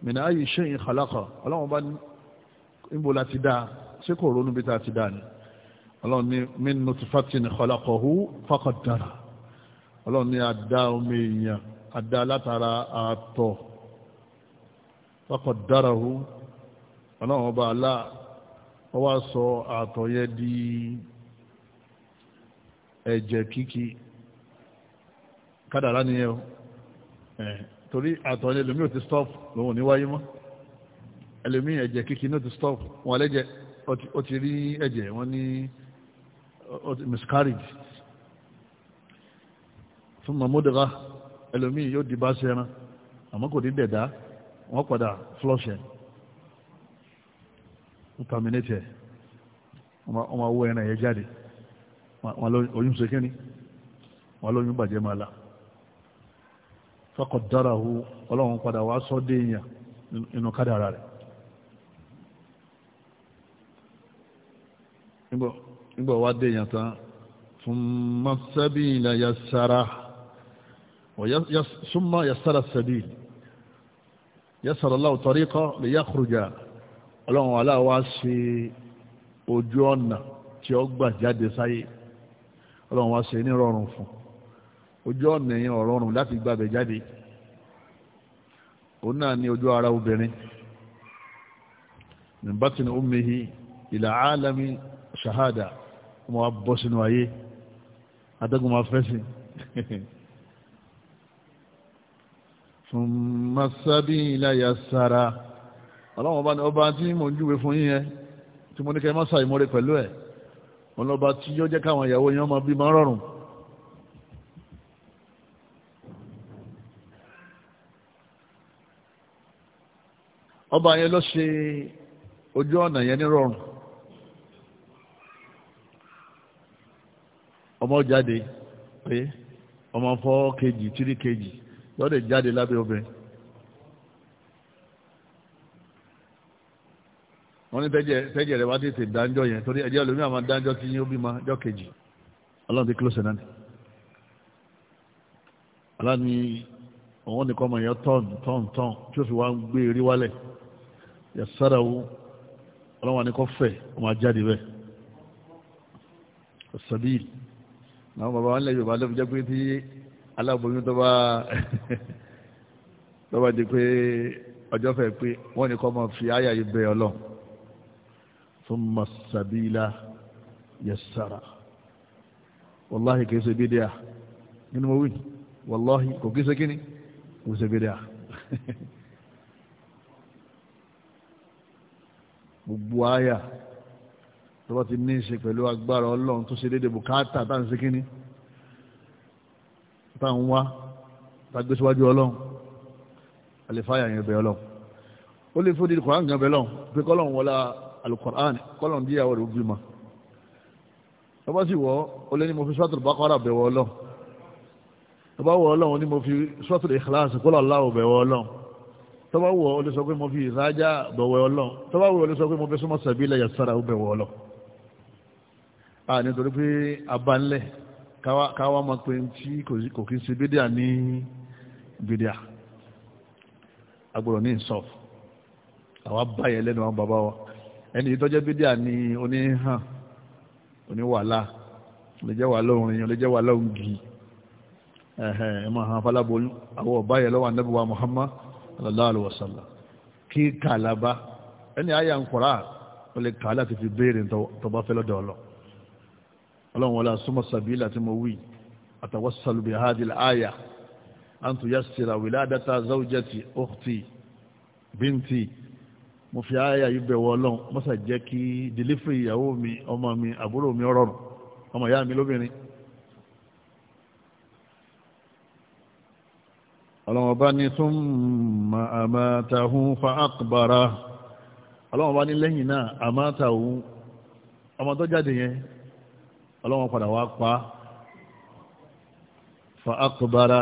min ayi shay'in khalaqa ọlọ́run bá níbo láti dá ṣé kò ronú bí tá a ti dá ni ọlọ́run ní min nutfatin khalaqahu faqaddara ọlọ́run ní àdá omi èèyàn àdá látara àtọ̀ faqaddarahu. ọlọ́run ọba alá ọ wá sọ àtọ̀yẹ di ẹ̀jẹ̀ kíkí kádàrá nìyẹn o torí àtọ̀yẹ lèmi ò ti stop lòun ò mọ́ ẹlòmí ẹ̀jẹ̀ kíkí ní ti stop wọn àlẹ́jẹ̀ ó ti rí ẹ̀jẹ̀ wọn ní miscarriage fún yóò di bá ṣẹran àmọ́ kò ní dẹ̀dá wọ́n padà flush ó terminate ẹ̀ wọ́n máa wó ẹran yẹn jáde wọ́n oyún ṣe kí ni wọ́n lóyún bàjẹ́ máa la fọ́kọ̀ dára hu ọlọ́run padà wá sọ́ dé èèyàn nínú kádàrà rẹ̀ nígbà wá dé èèyàn tán ثم السبيل يسره ثم يسر السبيل يسر الله طريقة ليخرج ọlọ́run aláwa ṣe ojú ọ̀nà tí ó gbà jáde sáyé ọlọ́run wa ṣe nírọ̀rùn fún ojú ọ̀nà yẹn ọ̀rọ̀rùn láti gbàbẹ̀ jáde òun náà ni ojú ara obìnrin nìbátìní omihi ìlà álámi ṣahada ọmọ wa bọ́ sínú ayé adágún máa fẹ́ sí fún masábí ọlọ́wọ́n bá ní ọba tí mò ń júwe fún yín yẹn tí mo ní kẹ́ ẹ má sa ìmọ̀re pẹ̀lú ẹ̀ ọlọ́ba tí yóò jẹ́ káwọn ìyàwó yẹn máa bí máa rọrùn. ọba yẹn lọ ṣe ojú ọ̀nà yẹn ní rọrùn ọmọ jáde pé ọmọ fọ́ kejì tírí kejì lọ́dẹ̀ jáde lábẹ́ obìnrin wọ́n ní tẹ́jẹ̀ rẹ̀ wá tètè dáńjọ́ yẹn torí ẹ̀jẹ̀ olómi àwọn dáńjọ́ tí yín ó bímọ ọjọ́ kejì ọlọ́run ti kílósẹ̀ náà ni ọlọ́run ni òun nìkan ọmọ yẹn tọ́n tọ́n tọ́n tí ó fi wá ń gbé eré wálẹ̀ yẹ sára wo ọlọ́run àníkọ́ fẹ̀ ó máa jáde bẹ́ẹ̀ ọ̀sàbíl àwọn bàbá wọn lẹ yorùbá ló fi jẹ́ pé tí aláboyún tó bá tó ثم السبيل يسر والله كيف ṣe bídíà nínú والله كيف سكيني؟ kìí ṣe kíní kò ṣe bídíà gbogbo àyà tó bá ti ní ṣe pẹ̀lú agbára ọlọ́run tó ṣe déédéé bùkátà tá à ń ṣe kíní tá ń wá tá síwájú ọlọ́run àlefáyà yẹn bẹ̀ ọlọ́run ó lè fún di kòrán bẹ̀ lọ́run pé kọ́lọ́run wọlá alukur'an kọ́lọ̀ ní ìyàwó rẹ̀ ó bímọ tọ́ba sì wọ́ ó lé ní mo fi sọ́tò bákọ́rà bẹ̀wọ̀ ọlọ́run tọ́ba wọ̀ ọlọ́run ní mo fi sọ́tò ìkìláàsì kọ́lọ̀ láwọ̀ bẹ̀wọ̀ ọlọ́run tọ́ba wọ̀ ó lè sọ pé mo fi ìsájà bẹ̀wọ̀ ọlọ́run tọ́ba wọ̀ ó lè sọ pé mo fi súnmọ́ sàbí ilẹ̀ yàtsára ó bẹ̀wọ̀ ọlọ́run. a nítorí pé abanlẹ̀ káwa máa pe tí kò kí ń ṣe bídíà ní bídíà agbọ̀rọ̀ ní ìsọ̀f àwa báyẹ̀ lẹ́nu àwọn bàbá wa ẹni ìtọ́jẹ́ bídíà ni oníhàn oníwàhálà lè jẹ́ wàhálà orin lè jẹ́ wàhálà òǹgì ẹ máa hàn faláboyún àwọn ọ̀bá yẹn lọ́wọ́ anábì wa Muhammad sallallahu alaihi wasallam kí kàlábá ẹni àyà ń kọ̀rá ó lè kà á láti fi béèrè tó bá fẹ́ lọ́dọ̀ ọlọ ọlọ́run wọlé asúmọ̀ sàbílà tí mo wí atawassalu bi hadhihi al-aya an tuyassira wiladata zawjati ukhti binti mo fi àyà yìí bẹ̀wọ̀ ọlọ́run mọ́sà jẹ́ kí delivery ìyàwó mi ọmọ mi àbúrò mi ọ̀rọ̀rùn ọmọ ìyá mi lóbìnrin. ọlọ́run ọba ní summa amatahu fa aqbara ọlọ́run ọba ní lẹ́yìn náà amatahu ọmọ tó jáde yẹn ọlọ́run padà wá pa fa aqbara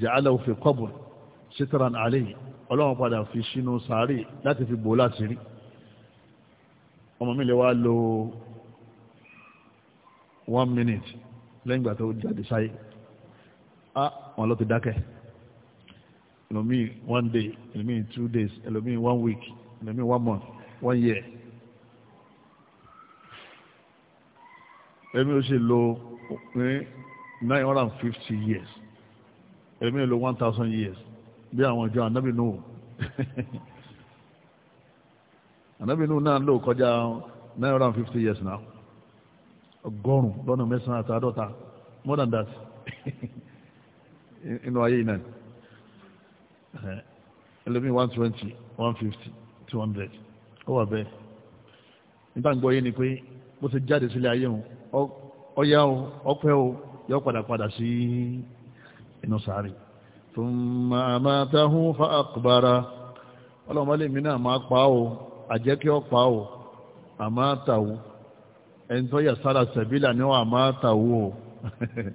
ja'alahu fi qabr sitran alayhi ọlọ́run padà fi sínú sàárè láti fi bò láti rí ọmọ mi lè wá lo one minute lẹ́yìn ìgbà tó jáde sáyé á wọn lọ ti dákẹ́ ẹlòmíì one day ẹlòmíì two days ẹlòmíì one week ẹlòmíì one month one year ẹlòmíì ó sì lo eh, nine hundred and fifty years ẹlòmíì lo one thousand years bí àwọn ìjọ ànábì nù ànábì nù náà lò kọjá nine hundred and fifty years now ọgọ́rùn lọ́nà mẹ́sàn-án àti àádọ́ta more than that inú ayé iná ẹlòmíì one twenty one fifty two hundred ó wà bẹ́ẹ̀ nígbà gbọ́ yé ni pé bó ti jáde sílé ayé òun ọ̀yá o ọ̀pẹ́ o yọ padà padà sí inú sáré. ثم أماته فأقبره ọlọ́mọ lè mí náà máa pa ó àjẹ́kí ọ pa ó àmátàwó ẹni tó yà sára sẹ̀bílà ní wọ́n àmátàwó o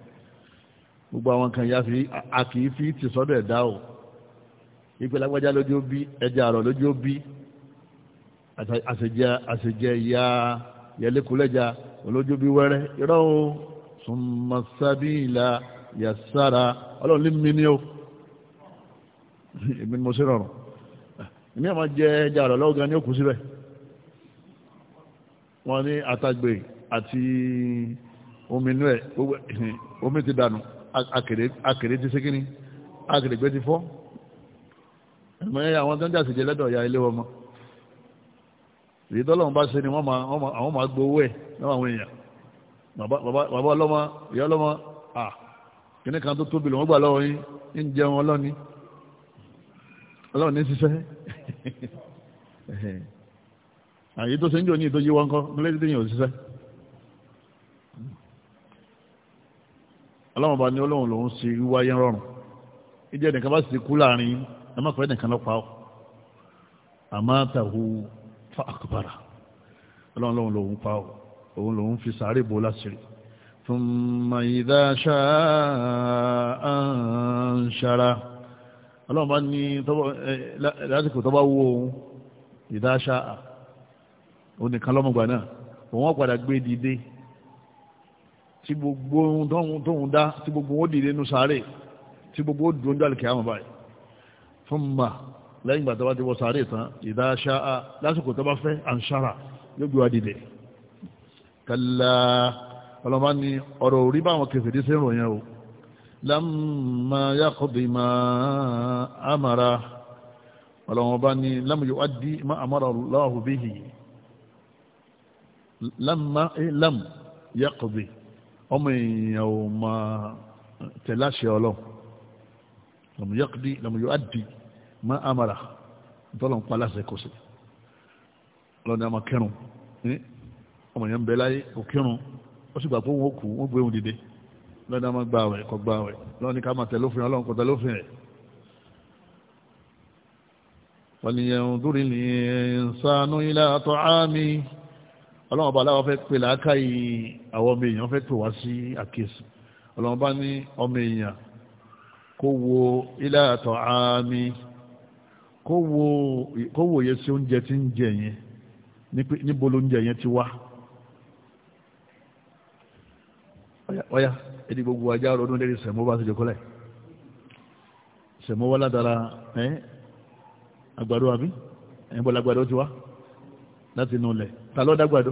gbogbo àwọn kan ya fi àkìí fi ti sọ́dọ̀ ẹ̀dá o ìpè lágbájá lójú bí ẹja àrọ̀ lójú bí àṣejẹ ìyá yẹlékulẹ́já olójú bí wẹ́rẹ́ irọ́ o sùnmọ́sábìlà yà sára ọlọ́run lè mí ní o èmi ni mo ṣe rọrùn èmi àwọn jẹ ẹja ọ̀rọ̀ lọ́wọ́ gan ni ó kù síbẹ̀ wọ́n ní àtàgbè àti omi inú ẹ̀ omi ti dànù akèrè ti sékíní akèrè gbé ti fọ́ ẹ̀mọ́ ẹ̀yà àwọn tó ń jàsí jẹ lẹ́dọ̀ ọ̀yà ilé ọmọ èyí tọ́lọ́run bá ṣe ni wọ́n máa gbowó ẹ̀ lọ́wọ́ àwọn èèyàn bàbá ọlọ́mọ ìyá ọlọ́mọ à kíní kan tó tóbi lòun gbà lọ́wọ́ yín ń jẹun ọlọ́ni ọlọ́run ní ṣiṣẹ́ àyè tó ṣe ń jò ní ìtòjú wọn kọ́ lórí tí yìí ò ṣiṣẹ́ ọlọ́run bá ní ọlọ́run lòún ṣe wíwáyé rọrùn ìdí ẹnìkan bá sì kú láàrin ẹ má pẹ́ nìkan lọ́pàá àmọ́ tàwù fa àkùbàrà ọlọ́run lòún lòún pa ọ òun lòún fi sàárè bò láṣìírí thumma idha sha'a anshara ọlọ́run bá ní lásìkò tó bá wú òun ìdáṣà òun nìkan lọ́mọgbà náà òun wọ́n padà gbé dìde tí gbogbo ohun tóun tóun dá tí gbogbo wọn dìde nù sáré tí gbogbo ó dùn dálùkì àwọn báyìí fún mà lẹ́yìn ìgbà tó bá ti wọ sáré tán ìdáṣà lásìkò tó bá fẹ́ àǹṣára yóò gbé wa dìde kàlá ọlọ́run bá ní ọ̀rọ̀ orí báwọn kẹfìdí sí ìròyìn o lamma yaqdi ma amara ọlọ́wọ́n bá ní lam yuaddi ma amara Allahu bihi lamma eh, lam yaqdi ọmọ èèyàn ò máa tẹ̀láṣẹ ọlọ́run lam yaqdi lam yuaddi ma amara tọ́lọ̀ ń pa aláṣẹ kò sí lọ́dọ̀ àmọ́ kírun eh, ọmọ èèyàn ń bẹ láyé kò kírun ó sì gbà pé wọ́n kú wọ́n gbé wọn dìde lọ́dọ̀ máa gba àwẹ̀ kọ́ gba àwẹ̀ lọ́ni ká máa tẹ̀lé òfin ọlọ́run kò tẹ̀lé òfin ẹ̀. wọ́n ní ẹ̀hún dúró ní ìsánú ilé àtọ̀ ámì ọlọ́run ọba aláwọ̀ fẹ́ pè láàká yìí àwọn ọmọ èèyàn fẹ́ pè wá sí àkíyèsí ọlọ́run bá ní ọmọ èèyàn kó wo ilé àtọ̀ ámì kó wo iye oúnjẹ tí ń jẹ yẹn níbo lóúnjẹ yẹn ti wá. Oya, oya ẹni gbogbo ajá ọdún lérí sẹ̀mọ́ bá ti jọkọ́lẹ̀ sẹ̀mọ́ wá látara ẹ́ àgbàdo àbí ẹ̀yìn bọ́lá àgbàdo ti wá láti inú ilẹ̀ ta ló dágbàdo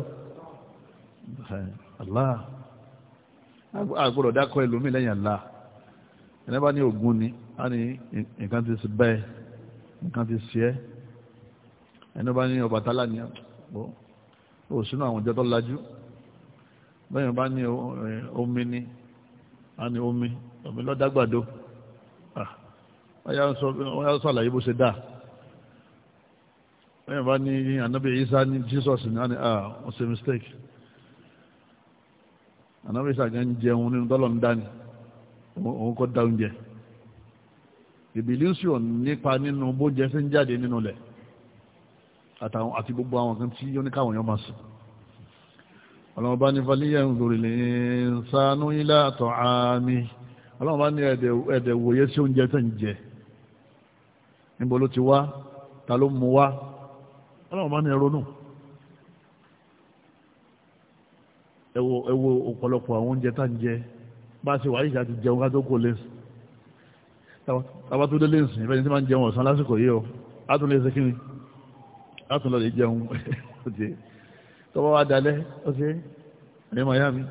Allah àgbọ̀dọ̀ dákọ̀ ẹlòmí lẹ́yìn Allah ẹni bá ní ògùn ni a ní nǹkan ti bẹ́ẹ̀ nǹkan ti ṣe ẹ́ ẹni bá ní Ọbàtálá ni ó sínú àwọn ìjọ tó lajú bẹ́ẹ̀ bá ní omi ni a ní omi omi lọ́dàgbàdo ah, wọ́n yá sàlàyé bó ṣe dáa wọ́n yà bá ní anábì isa ní jesus ní àná ah wọ́n ṣe mistake anábì isa gan jẹun nínú dọ́lọ̀ ń dání òun kọ́ da oúnjẹ ìbílísì ò nípa nínú bóúnjẹ ṣe ń jáde nínú lẹ̀ àti gbogbo àwọn kan tí ó ní káwọn yọ máa sùn ọlọ́run bá ní falíyẹ̀ ń lórí lè ń sánú ilá àtọ̀ àmì ọlọ́run bá ní ẹ̀dẹ̀ wòye sí oúnjẹ tẹ̀ ń jẹ níbo ló ti wá ta ló mú wá ọlọ́run bá ní ronú ẹwọ ẹwọ ọ̀pọ̀lọpọ̀ àwọn oúnjẹ tá ń jẹ bá a ṣe wáyé ìjà ti jẹun ká tó kó lé tàbá tó délé ìsìn ìfẹ́ni tí máa ń jẹun ọ̀sán lásìkò yìí o á tún lè ṣe kí ni á lọ lè jẹun tọ́wọ́ wá dalẹ́ ọ̀sẹ̀ ẹ̀yẹ́ miami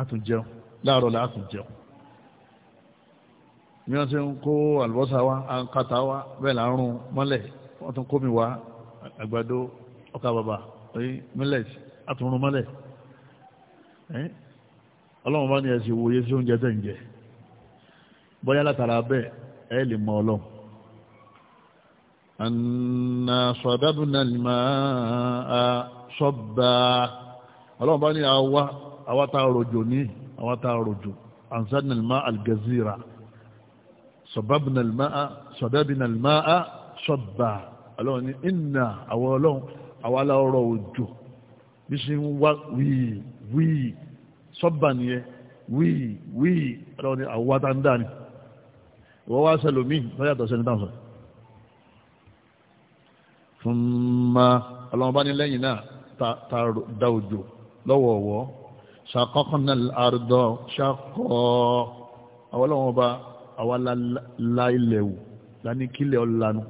àtún jẹun láàárọ̀ là àtún jẹun mi wọ́n ti ń kó àlùbọ́sà wa àǹkàtà wa bẹ́ẹ̀ là ń rún mọ́lẹ̀ wọ́n tún kó mi wá àgbàdo ọkà bàbà oyin millet àtún rún mọ́lẹ̀ ọlọ́run bá ní ẹ̀sìn ìwòye sí oúnjẹ tẹ̀ ń jẹ bóyá látara bẹ́ẹ̀ ẹ lè mọ ọlọ́run anna sọ̀dábùnà lè sọ́bà ọlọ́run bá ní àwa àwa tá a rojò ní àwa tá a rojò anzalna al-ma'a al-jazira sababna al-ma'a sababna al-ma'a sọ́bà ọlọ́run ní ìnà àwọn ọlọ́run àwa láọ̀rọ̀ òjò bí ṣe ń wá wíì wíì sọ́bà nìyẹn wíì wíì ọlọ́run ní àwa tá ń dà ní ìwọ́ wá sẹ́lòmíì lọ́yàtọ̀ sẹ́ni táwọn sọ. fún ma ọlọ́run bá da òjò lọ́wọ̀ọ̀wọ́ ṣàkọ́kọ́nà àrùdọ̀ ṣàkọ́ àwọlọ́wọ́n bá àwọlá ilẹ̀ wù láníkílẹ̀ ọ̀lànà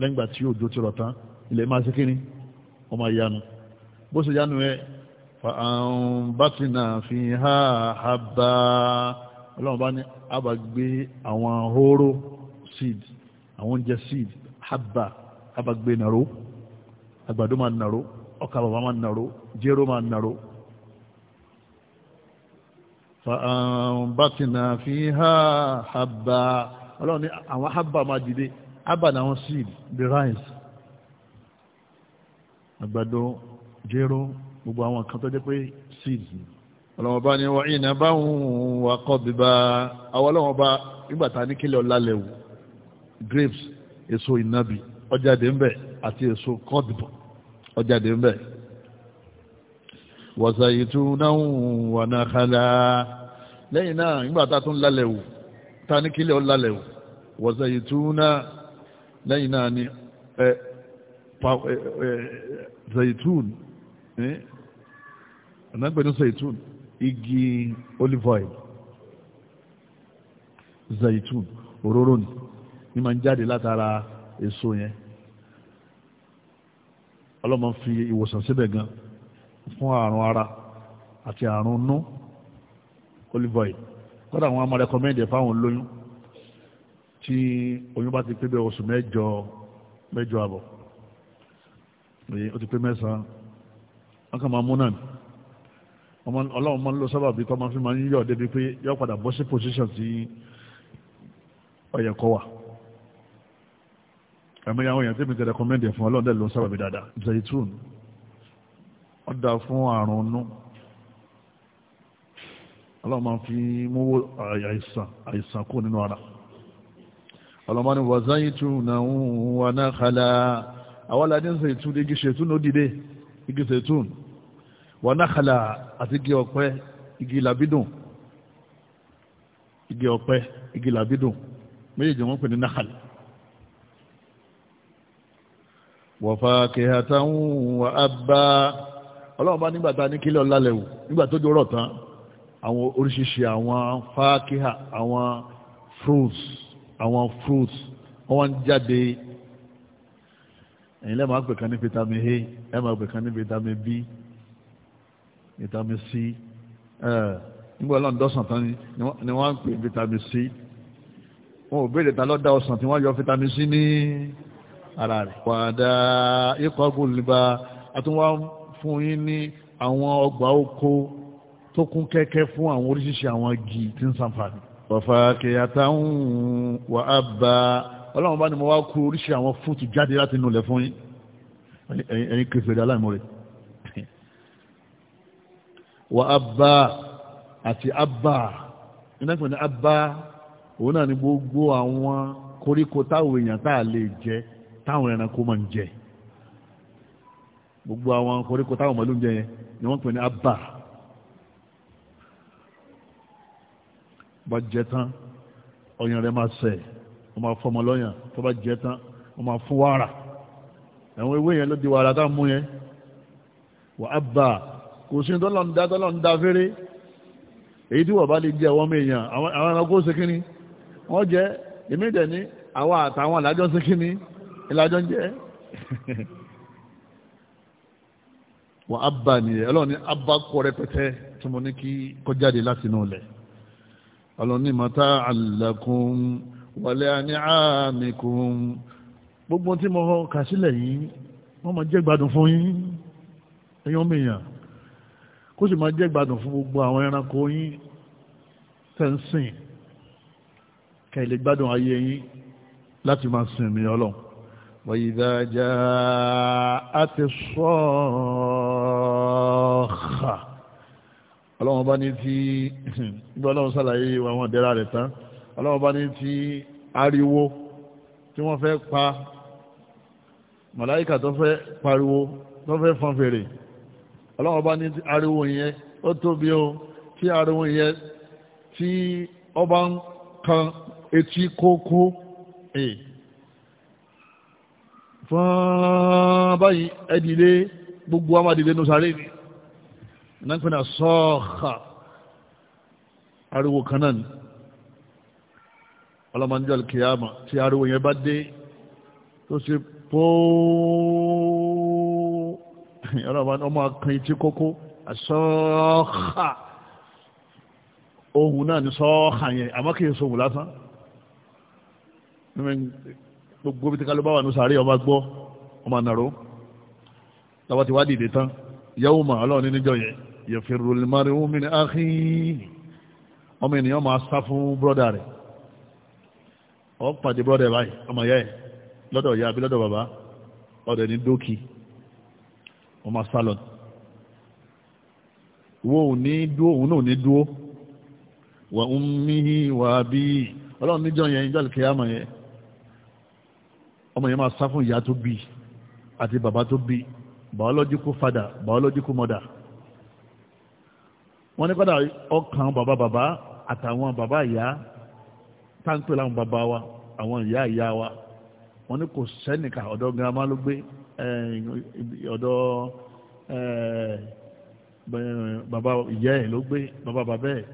lẹ́gbà tí òjò ti rọ̀ tán ilẹ̀ máa ṣe kíní ọmọ ìyanu bó ṣe yánu ẹ fàánbátìnà fi ha àbá ọlọ́run bá ní àbàgbé àwọn hóró seed àwọn oúnjẹ seed àbá àbàgbé nàró àgbàdo nàró ọkà bàbà naro. nàró jéró nàró. fàǹbàtìnà fi hà àbà ọlọ́run ní àwọn àbà máa dìde àbà làwọn seed the rice àgbàdo jéró gbogbo àwọn kan tó jẹ́ pé seed ni wọ́n ìnà bá ń wà kọ́ bíbá àwọn ọlọ́mọba nígbàtà ní kílẹ̀ grapes èso ìnàbì ọjáde ńbẹ̀ wàsàyìtúnà wà náà kálá lẹ́yìn náà nígbàtà tún lálẹ̀wò ta ní kílẹ̀ ó lálẹ̀wò wàsàyìtúnà lẹ́yìn náà ni ẹ zaitun ẹ̀nàgbẹ̀ni zaitun igi olive oil zaitun òróró ni ní ma ń jáde látara èso yẹn ọlọ́mọ fi ìwòsàn síbẹ̀ gan fún àrùn ara àti àrùn nú olive oil kọ́dà àwọn ọmọ rẹ́kọ́mẹ́ndì fáwọn olóyún tí oyún bá ti pé bẹ́ẹ̀ oṣù mẹ́jọ mẹ́jọ àbọ̀ ó ti pé mẹ́sàn-án wọ́n kàn máa mú náà ọlọ́run máa ń lo sábàbí tó máa fi máa ń yọ̀ débi pé yọ padà bọ́ sí position tí ọ̀yẹ̀kọ́ wà ẹ̀mí àwọn èèyàn tẹ́mi ti rẹ̀kọ́mẹ́ndì fún ọlọ́dẹ ló ń sábàbí dáadáa zaitun ó dáa fún àrùn nú ọlọ́run máa fi mówó àìsàn àìsàn kú nínú ara ọlọ́run ni ní wà zaitun náà wà náà kálá àwọn aládé ń zaitun igi zaitun ó dìde igi zaitun wà náà kálá àti igi ọ̀pẹ igi làbídùn igi ọ̀pẹ igi làbídùn méjèèjì wọ́n pè ní náà kálá. wafakihatan wa abba ọlọ́run bá nígbà tá ní kílẹ̀ ọ̀lálẹ̀wò nígbà tó jọ rọ̀ tán àwọn oríṣiríṣi àwọn fákíhà àwọn fruits àwọn fruits wọ́n ń jáde ẹ̀yin lẹ́ẹ̀ máa pè kan ní vitamin A ẹ máa kan ní vitamin B vitamin C nígbà ọlọ́run dọ́sàn tán ni wọ́n ń pè vitamin C wọn ò béèrè ta ló dá tí wọ́n yọ vitamin C ní. Ni ara rẹ̀ wàdà ikọ̀ gòlìbà àtúnwá fún yín ní àwọn ọgbà oko tó kún kẹ́kẹ́ fún àwọn oríṣiríṣi àwọn igi tí ń ṣàǹfààní. wàfà kìyàtà ń wà á ba ọlọ́run bá ní mo wá kó oríṣi àwọn fúùtù jáde láti inú ilẹ̀ fún yín ẹ̀yin kẹfẹ́rẹ́ aláìmọ́rẹ́ wà á bá àti á bá iná pẹ̀lú á bá òun náà ní gbogbo àwọn koríko táwọn èèyàn tá lè jẹ táwọn ẹranko máa ń jẹ gbogbo àwọn koríko táwọn màlúù ń jẹ ni wọ́n pè ní abba bá jẹ tán ọyàn rẹ máa sẹ̀ wọ́n máa fọmọ lọ́yàn tó bá jẹ tán wọ́n máa fún wàrà àwọn ewé yẹn ló di wàrà tá a mú yẹn wà á bà kò sí tọ́lọ̀ ń da tọ́lọ̀ ń da fèrè èyí tí wọ́n bá lè jẹ àwọn ọmọ èèyàn àwọn ẹranko ṣe kínní wọ́n jẹ èmi ní àwọn àtàwọn àlájọ́ ṣe kínní ìlàjọ ń jẹ́ wọ́n abba nìyẹn ọlọ́run ní abba kọ́ rẹpẹtẹ tí mo ní kí kọjáde láti inú ilẹ̀ ọlọ́run ní mọ́tà àlàkùn wọlé àní àmìkùn gbogbo tí mo kà sílẹ̀ yìí wọ́n máa jẹ́ gbádùn fún yín ẹ̀yọ́ mìíràn kó sì máa jẹ́ gbádùn fún gbogbo àwọn ẹranko yín tẹ́ǹsìn kẹ́ lè gbádùn ayé yín láti máa sìn mí ọlọ́run وإذا جاءت الصاخة ọlọ́wọ́n bá ní tí ibi ọlọ́wọ́n sàlàyé àwọn ìdẹ́ra rẹ̀ tán ọlọ́wọ́n bá ní tí ariwo tí wọ́n fẹ́ pa màláíkà tó fẹ́ pariwo tó fẹ́ fọn fèrè ọlọ́wọ́n bá ní tí ariwo yẹn ó tóbi o tí ariwo yẹn tí ọba ń kan etí kókó èè eh, fún báyìí ẹ̀dìlé gbogbo àwọn àdìlé ní sáré ni náà ń sọ́ọ̀kà ariwo kan náà ni ọlọ́mọdé alkiyama tí ariwo yẹn bá dé tó ṣe pòó ọmọ kan etí kókó sọ́ọ̀kà ohun náà ni sọ́ọ̀kà gbogbo bí tíkalu bá wà ní sàárè ọmọ gbọ́ ọmọ nàró tàbá ti wá dìde tán yàwó mà ọlọ́run níjọ yẹ yẹfẹ̀rù lèmọ́rin omi ní áhí ọmọ ènìyàn máa sá fún bọ́dà rẹ̀ ọ pàdé bọ́dà ẹ̀ báyìí ọmọ ìyá ẹ̀ lọ́dọ̀ ìyá àbí lọ́dọ̀ bàbá ọdẹ ní dókì ọmọ sálọ̀n wo ò ní dúó òun náà ní dúó wà ń míhí bí ọlọ́run níjọ yẹn ìjọ ọmọ yẹn máa sá fún ìyá tó bí àti bàbá tó bí biological father biological mother wọ́n ní kọ́dà ọkàn bàbá bàbá àtàwọn bàbá ìyá táǹpẹ̀ láwọn bàbá wa àwọn ìyá ìyá wa wọ́n ní kò sẹ́nìkà ọ̀dọ̀ girama ló gbé eh, ọ̀dọ̀ eh, bàbá ìyá ẹ̀ ló gbé bàbá bàbá ẹ̀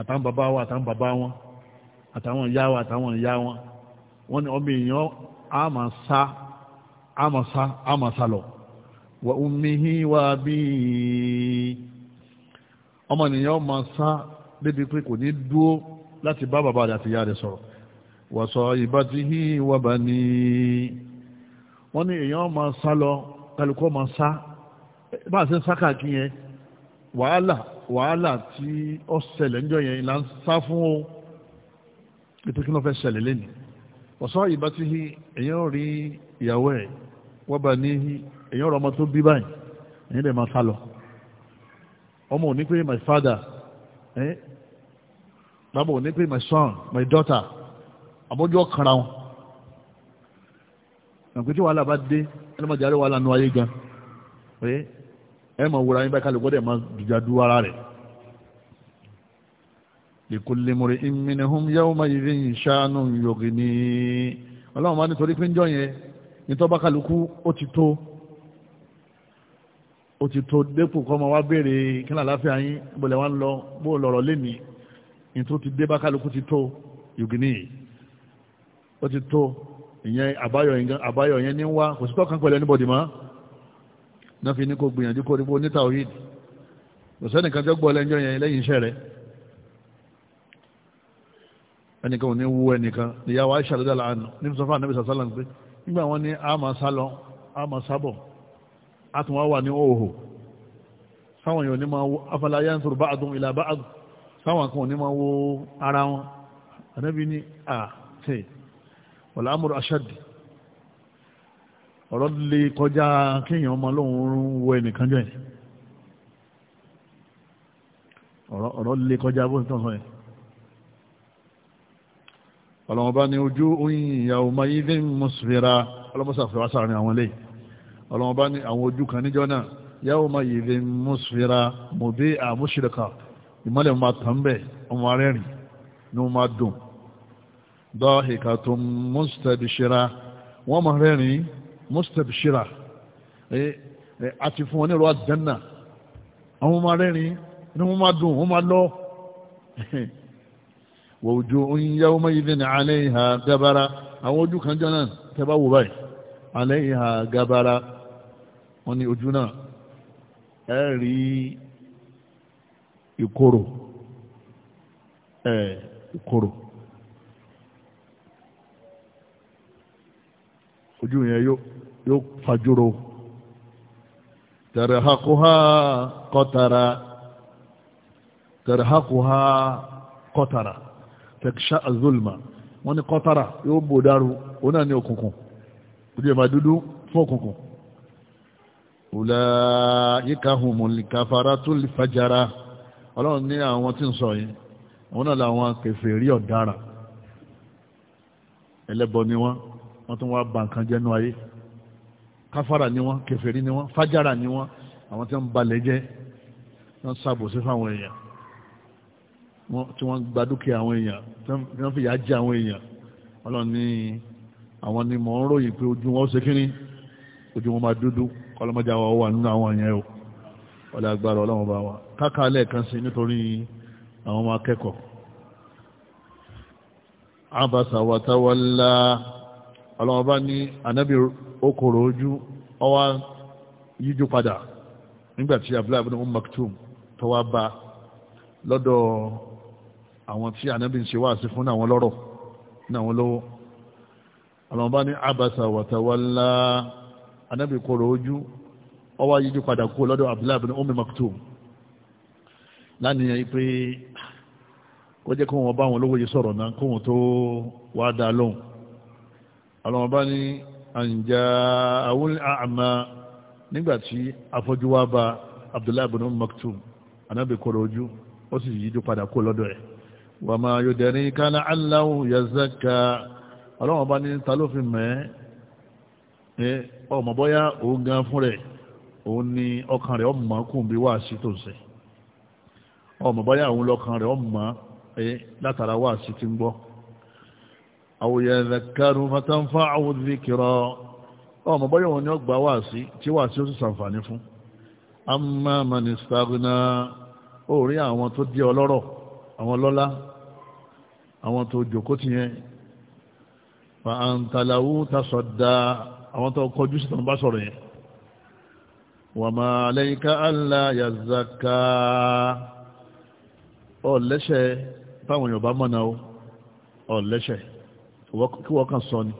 àtàwọn bàbá wa àtàwọn bàbá wọn àtàwọn ìyá wa àtàwọn ìyá wọn wọ́n ní ọmọ èèyàn àmàṣá àmàṣá àmàṣá lọ wà ummihi wà bí ọmọ ènìyàn máa sá débi pé kò ní dúó láti bá bàbá rẹ̀ àti ìyá rẹ̀ sọ̀rọ̀ wà sọ ìbátíhì wà bá ní wọ́n ní èèyàn máa sá lọ kálukọ́ máa sá bá a ṣe ń sá káàkiri yẹn wàhálà wàhálà tí ó ṣẹlẹ̀ níjọ́ yẹn là sá fún o ètò kí ló fẹ́ ṣẹlẹ̀ lẹ́nìí ọ̀sán ìbá tí èyàn rí ìyàwó ẹ̀ wọ́n bá ní èyàn rọmọ tó bí báyìí èyàn lè máa sálọ ọmọ ò pé my father eh? bàbá ò pé my son my daughter àbójú ọ̀kanra wọn àpò tí wàhálà bá dé ẹni máa jàre wàhálà nu ayé gan ẹ máa wúra yín báyìí kálukọ́ dẹ̀ máa dùjà du ara rẹ̀ lèkúlé múre ìmìnihun yáwó máa yìí ń ṣàánú yògì ní ọlọ́run máa nítorí pé ń jọ yẹn nítọ́bá kálukú ó ti tó ó ti tó dépò kọ́ ma wá béèrè kí ní àláfíà yín bọ̀lẹ̀ wá ń lọ bó lọ̀rọ̀ lémi ní ti dé bá kálukú ti tó yògì ní ó ti tó ìyẹn àbáyọ yẹn ní wá kò sí tọ́kàn pẹ̀lú ẹnibọ̀dì mọ́ náà fi ní kó gbìyànjú kó rí ẹnìkan ò ní wú ẹnìkan ìyàwó aṣọ àdúgbò àlànà ní sọfà ànábì sàṣálà ń pé nígbà wọn ní àmà sálọ àmà sábọ àtúnwá wà ní òhò sáwọn yóò ní máa wo afọláyà ń sọ̀rọ̀ báàdùn ìlà báàdùn sáwọn kan ò ní máa wo ara wọn ànábì ní à tẹ wọlá amúrò aṣáàdì ọ̀rọ̀ lè kọjá kéèyàn ọmọ lóun wo ẹnìkan jọ ẹ̀ ọ̀rọ̀ lè kọjá bó ń tàn sọ yẹn ọlọ́wọ́n bá ní ojú oyin ìyàwó ma yí dín mọ́sífẹ́ra ọlọ́mọ́sàfẹ́wà sáàrin àwọn ilé ọlọ́wọ́n bá ní àwọn ojú kan níjọ́ náà yàwó ma yí dín mọ́sífẹ́ra mọ̀ bí àmúṣìlẹ̀kà ìmọ́lẹ̀ ma tàn bẹ́ ọmọ arẹ́rìn ní wọ́n ma dùn dọ́hìkà tó mọ́sítẹ̀bìṣẹ́ra wọ́n ma rẹ́rìn mọ́sítẹ̀bìṣẹ́ra àti fún wọn ní ìrọ̀ àdánà àwọn ọmọ arẹ́rìn ní wọ́n ma dùn wọ́n ma lọ ووجوه يومئذ عليها غبرة àwọn ojú kan jọ náà tẹbá wò báyìí عليها غبرة wọ́n ní ojú náà ẹ ìkorò ẹ ìkorò ojú yẹn yóò fajúro ha kọ́tara ha tẹ̀kṣá azulma wọ́n ní kọ́tara yóò bò dáru ó náà ní òkùnkùn ojú ẹ̀mà dúdú fún òkùnkùn ọ̀là yíká humul kafaratul fajara ọlọ́run ní àwọn tí ń sọ yìí àwọn náà làwọn kèfèrí ọ̀daràn ẹlẹ́bọ ni wọ́n wọ́n tún wá ba nǹkan jẹ́nu ayé káfàrà ni wọ́n kèfèrí ni wọ́n fájára ni wọ́n àwọn tí wọ́n balẹ̀ jẹ́ wọ́n ṣàbòsí fáwọn èèyàn tí wọ́n gba dúkìá àwọn èèyàn tí wọ́n fìyà jẹ àwọn èèyàn ọlọ́run ní àwọn ni mò ń ròyìn pé ojú wọn ṣe kínní ojú wọn máa dúdú kọlọmọdé àwọn wà nínú àwọn èèyàn o ọlá agbára ọlọ́run bá wa káka lẹ́ẹ̀kan sí nítorí àwọn ọmọ akẹ́kọ̀ọ́ abasa watawalla ọlọ́run bá ní anábì okòrò ojú ọwá yíjú padà nígbàtí abúlé abúlé Umm Maktum tó bá lọ́dọ̀ àwọn tí ànábì ń ṣe wá sí fún àwọn lọ́rọ̀ ní àwọn lọ́wọ́ àwọn bá ní abasa wàtàwálá ànábì kòrò ojú ọwá yíjú padà kú lọ́dọ̀ Abdullahi bin Ummi Maktum lánìyàn pé kó jẹ́ kó wọn bá wọn lówó yìí sọ̀rọ̀ náà kó wọn tó wá dá lóhùn àwọn bá ní àǹjà àwọn àmà nígbàtí afọ́jú wá bá Abdullahi bin Ummi Maktum ànábì ojú ó sì yíjú padà kú lọ́dọ̀ ẹ̀ wa ma yudirika la'allahu yazakka ọlọ́wọ́n bá ní ta ló fi mẹ́ ẹ ọmọ bọ́yá òun gan fún rẹ̀ òun ni ọkàn rẹ̀ ọmọ kùn bí wàásí tó ń ṣe ọmọ bọ́yá òun lọ́kàn rẹ̀ ọmọ ẹ látara wàásí ti ń gbọ́ aw yadhakkaru fatanfa'u dhikra ọmọ bọ́yá òun ni ó gba wàásí tí wàásí ó sì sàǹfààní fún amma man ó rí àwọn tó di ọlọ́rọ̀ àwọn lọ́lá àwọn tó jòkó ti yẹn fa àǹtàlàwú tasọ̀dá àwọn tó kọjú sí tàbí sọ̀rọ̀ yẹn wà máa lẹ́yìnká àlà yàzàká ọ̀lẹ́ṣẹ̀ táwọn Yorùbá mọ̀nà ọ̀lẹ́ṣẹ̀ kí wọ́n kàn sọ ni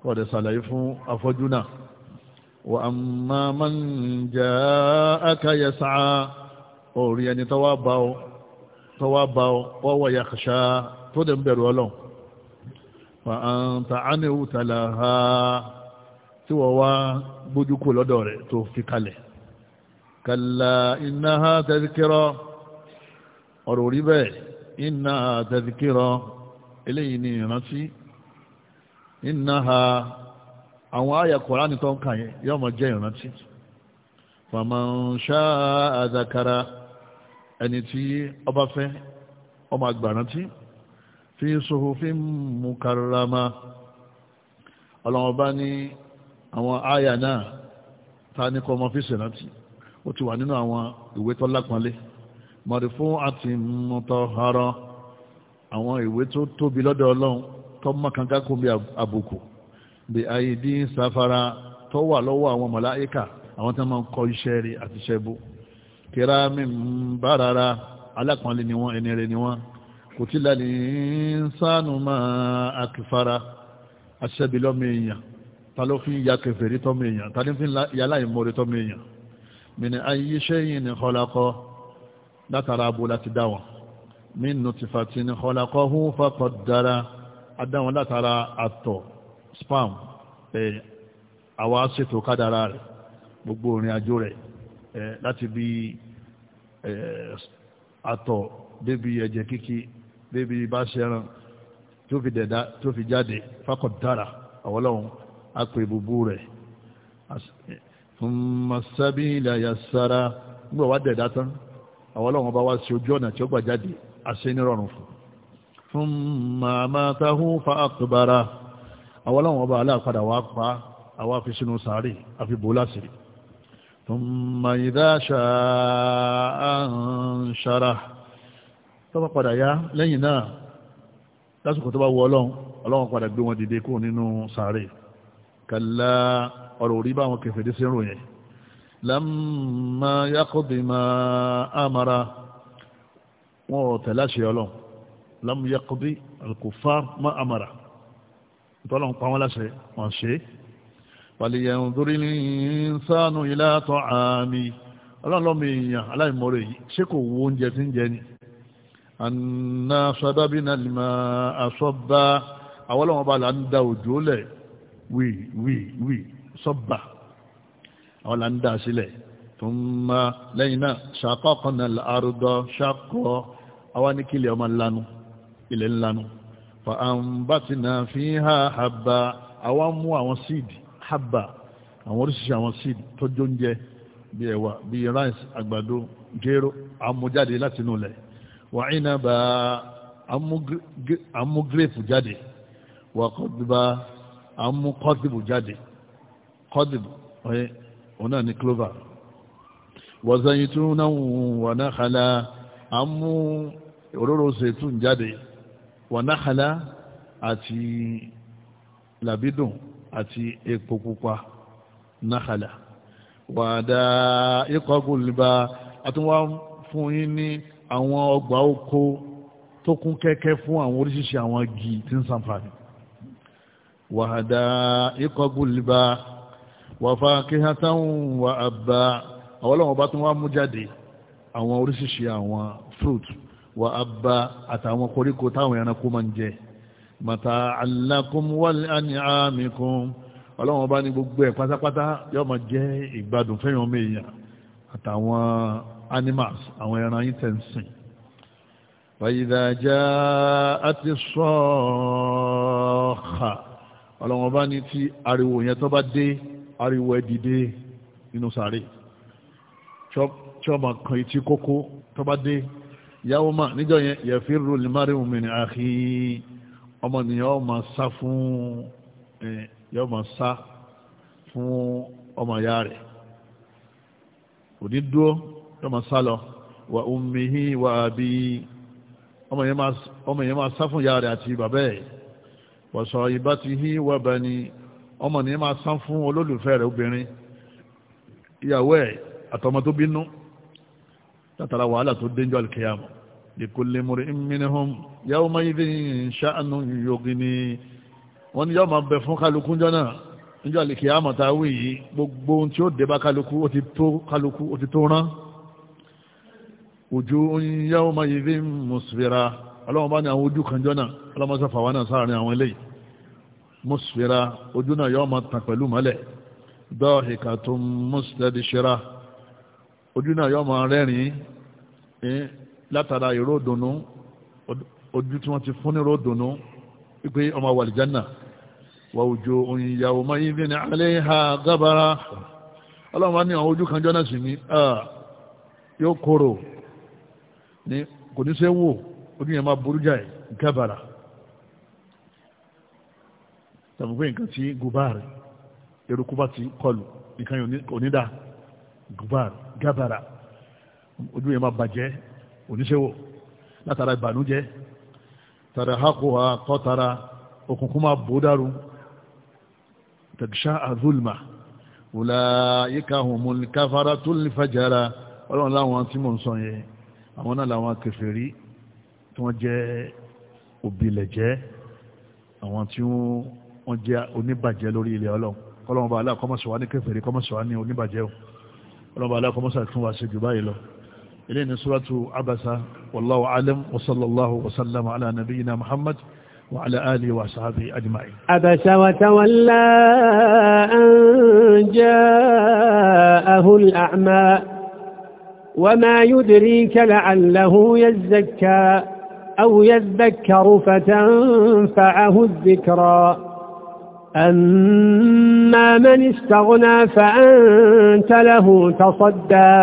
kọ́ọ̀dẹ̀ sàlàyé fún afọ́jú náà wà àmà ń jẹ́ àkàyẹsà orí ẹni tó bá ọ tọ́wọ́ bá ọwọ́ ya kàṣá tó dẹ̀ ń bẹ̀rù ọlọ́run fa anta anihu talaha tí wọ́n wá gbójú kò lọ́dọ̀ rẹ̀ tó fi kalẹ̀ kalla innaha tadhkira ọ̀rọ̀ rí bẹ́ẹ̀ innaha tadhkira eléyìí ni ìrántí innaha àwọn àyà Kùránì ẹni tí ọba fẹ́ ọmọ àgbàrántí fi suhufin mukarrama ọlọ́wọ́n bá ní àwọn àyà náà ta ní kọ́ ọmọ fíṣẹ̀ rántí ó ti wà nínú àwọn ìwé tó lápọ́nlé marfu àti mutahhara àwọn ìwé tó tóbi lọ́dọ̀ ọlọ́run tó mọ́kànká kún bí àbùkù bí àìdí sáfara tó wà lọ́wọ́ àwọn màláíkà àwọn tó máa ń kọ iṣẹ́ rí àti iṣẹ́ bó kiramin barara alákànlẹ̀ ni wọ́n ẹni rẹ̀ ni wọ́n kutila linsanu ma akfara aṣẹ́bi lọ́mọ èèyàn ta ló fi ya kèfèrí tọ́mọ èèyàn ta ló fi ya láìmọ́re tọ́mọ èèyàn min ayyi shay'in khalaqa látara abo láti dá wọn min nutfatin khalaqahu faqaddara adáwọn látara àtọ̀ spam àwa ṣètò kádàrá rẹ̀ gbogbo ìrìn àjò rẹ̀ láti bí àtọ̀ eh, débi ẹ̀jẹ̀ kíkí débi bá ṣẹran tó fi dẹ̀dá tó fi jáde fákọ̀ dára àwọlọ́hun á pè bubú rẹ̀ thumma sabila yassara nígbà wá dẹ̀dá tán àwọlọ́hun bá wá sí ojú ọ̀nà tí ó gbà jáde àṣẹ nírọ̀rùn fún thumma amatahu fa aqbara àwọlọ́hun bá aláàpadà wá pa àwa fi sínú sàárè àfi bò láṣìírí ثم إذا شاء أنشره tọ́pọ̀ padà yá lẹ́yìn náà lásìkò tó bá wọ ọlọ́run ọlọ́run padà gbé wọn dìde kúrò nínú sàárè kàlá ọ̀rọ̀ orí bá wọn kẹfẹ̀dé sí ìrò yẹn lámà yákòdì máa àmàrà wọn ò tẹ̀lá ṣe ọlọ́run lámà yákòdì alkùfà máa àmàrà ìtọ́lọ́run pa wọn láṣẹ wọn ṣe é fàlìyàndúrí ní sánú ilá tọ́ àmì ọlọ́lọ́mọ èèyàn aláìmọ̀rẹ̀ yìí ṣé kò wo oúnjẹ tí ń jẹ ni àná sọdábìnà lima àsọ́bá àwọn ọlọ́wọ́n bá là ń da òjò lẹ̀ wì wì wì sọ́bà àwọn là ń da sílẹ̀ tó ń ma lẹ́yìn náà ṣàkọ́kànnà àrùdọ́ ṣàkọ́ àwọn ní kílẹ̀ ọmọ ńlanu ilẹ̀ ńlanu fa àǹbátìnà fi ń ha àbá àwọn mú àwọn síìdì habba àwọn oríṣiríṣi àwọn seed tọ́jú oúnjẹ bíi ẹ̀wà bíi rice àgbàdo gero amújáde láti inú ilẹ̀ wà ìnàbà amúgrèfù jáde wà kọ́dìbà amúkọ́dìbù jáde kọ́dìbù ọ̀yẹ́ òun náà ní clover wà zayitun náà wà náhàlà amú òróró ṣètún jáde wà náhàlà àti làbídùn àti epo pupa náhàlà wàdà ikọ̀ gòlìbà àtúnwá fún yín ní àwọn ọgbà oko tó kún kẹ́kẹ́ fún àwọn oríṣiríṣi àwọn igi tí ń ṣàǹfààní wàdà ikọ̀ gòlìbà wàfà kíhátáhùn wà àbá àwọn bá tún wá mú jáde àwọn oríṣiríṣi àwọn fruit wà àbá àtàwọn koríko táwọn ẹranko máa ń jẹ mata'an lakum wa li an'amikum ọlọ́run bá ní gbogbo ẹ̀ pátápátá yóò máa jẹ́ ìgbádùn fẹ́yàn ọmọ èèyàn àtàwọn animals àwọn ẹran yìí tẹ̀ ń sìn. wa idha ja'ati s-sakha ọlọ́run bá ní tí ariwo yẹn tó bá dé ariwo ẹ̀ dìde nínú sàárè ọmọnìyàn ọmọ sá fún yóò máa sá fún ọmọ ìyá rẹ̀ òní dúró yóò máa sá lọ wà ummihi wà bí ọmọ ìyẹn máa sá fún ìyá rẹ̀ àti bàbá ẹ̀ wa sahibatihi wà bani ọmọ máa sá fún olólùfẹ́ rẹ̀ obìnrin ìyàwó ẹ̀ àtọmọ tó bínú látara wàhálà tó dénjọ́ àlùkìyàmọ̀ likulli mri'in minhum yawma idhin sha'nun yughni wọ́n ní yọ́ máa bẹ fún kálukú jọ́nà níjọ́ àlèkè àmọ̀tàwé yìí gbogbo ohun tí ó dé bá kálukú ó ti tó kálukú ó ti tó rán ojú yawma idhin musfira ọlọ́wọ́n bá ní àwọn ojú kan jọ́nà ọlọ́mọsá fàwọn náà sáàrin àwọn eléyìí musfira ojú náà yọ́ máa tàn pẹ̀lú mọ́lẹ̀ dahikatun mustadshira ojú náà yọ́ máa rẹ́rìn-ín látara ìró òdùnnú ojú tí wọ́n ti fún ní ìró òdùnnú wípé ọmọ wàlìjánà wà òjò òyìnyàwó máa yí bíi ní alẹ́ ha gábára ọlọ́run wá ní àwọn ojú kan jọ́nà sí ní yóò kóró ní kò ní ṣe wò ojú yẹn máa burú jáì gábára tàbí pé nǹkan tí gubari eruku bá ti kọlù nǹkan yóò ní dáa gubari gábára ojú yẹn máa bàjẹ́ oníṣẹ́wò látara ìbànújẹ́ tàrà hákòhà kọ́tara òkùnkùn máa bó dárú tàbíṣá àzúlmà wùlá yíká hùmùn káfàrà tó lè fàjára ọlọ́run láwọn tí mò ń sọ yẹn àwọn náà làwọn kèfèrí tí wọ́n jẹ́ òbílẹ̀jẹ́ àwọn tí wọ́n jẹ́ oníbàjẹ́ lórí ilẹ̀ ọlọ́run kọ́lọ́run bá aláà kọ́mọ̀sọ̀wá ní kèfèrí kọ́mọ̀sọ̀wá ní oníbàjẹ́ ọlọ́run bá aláà tún wá sí jù báyìí lọ إلينا سورة عبسة والله أعلم وصلى الله وسلم على نبينا محمد وعلى آله وأصحابه أجمعين عبس وتولى أن جاءه الأعمى وما يدريك لعله يزكى أو يذكر فتنفعه الذكرى أما من استغنى فأنت له تصدى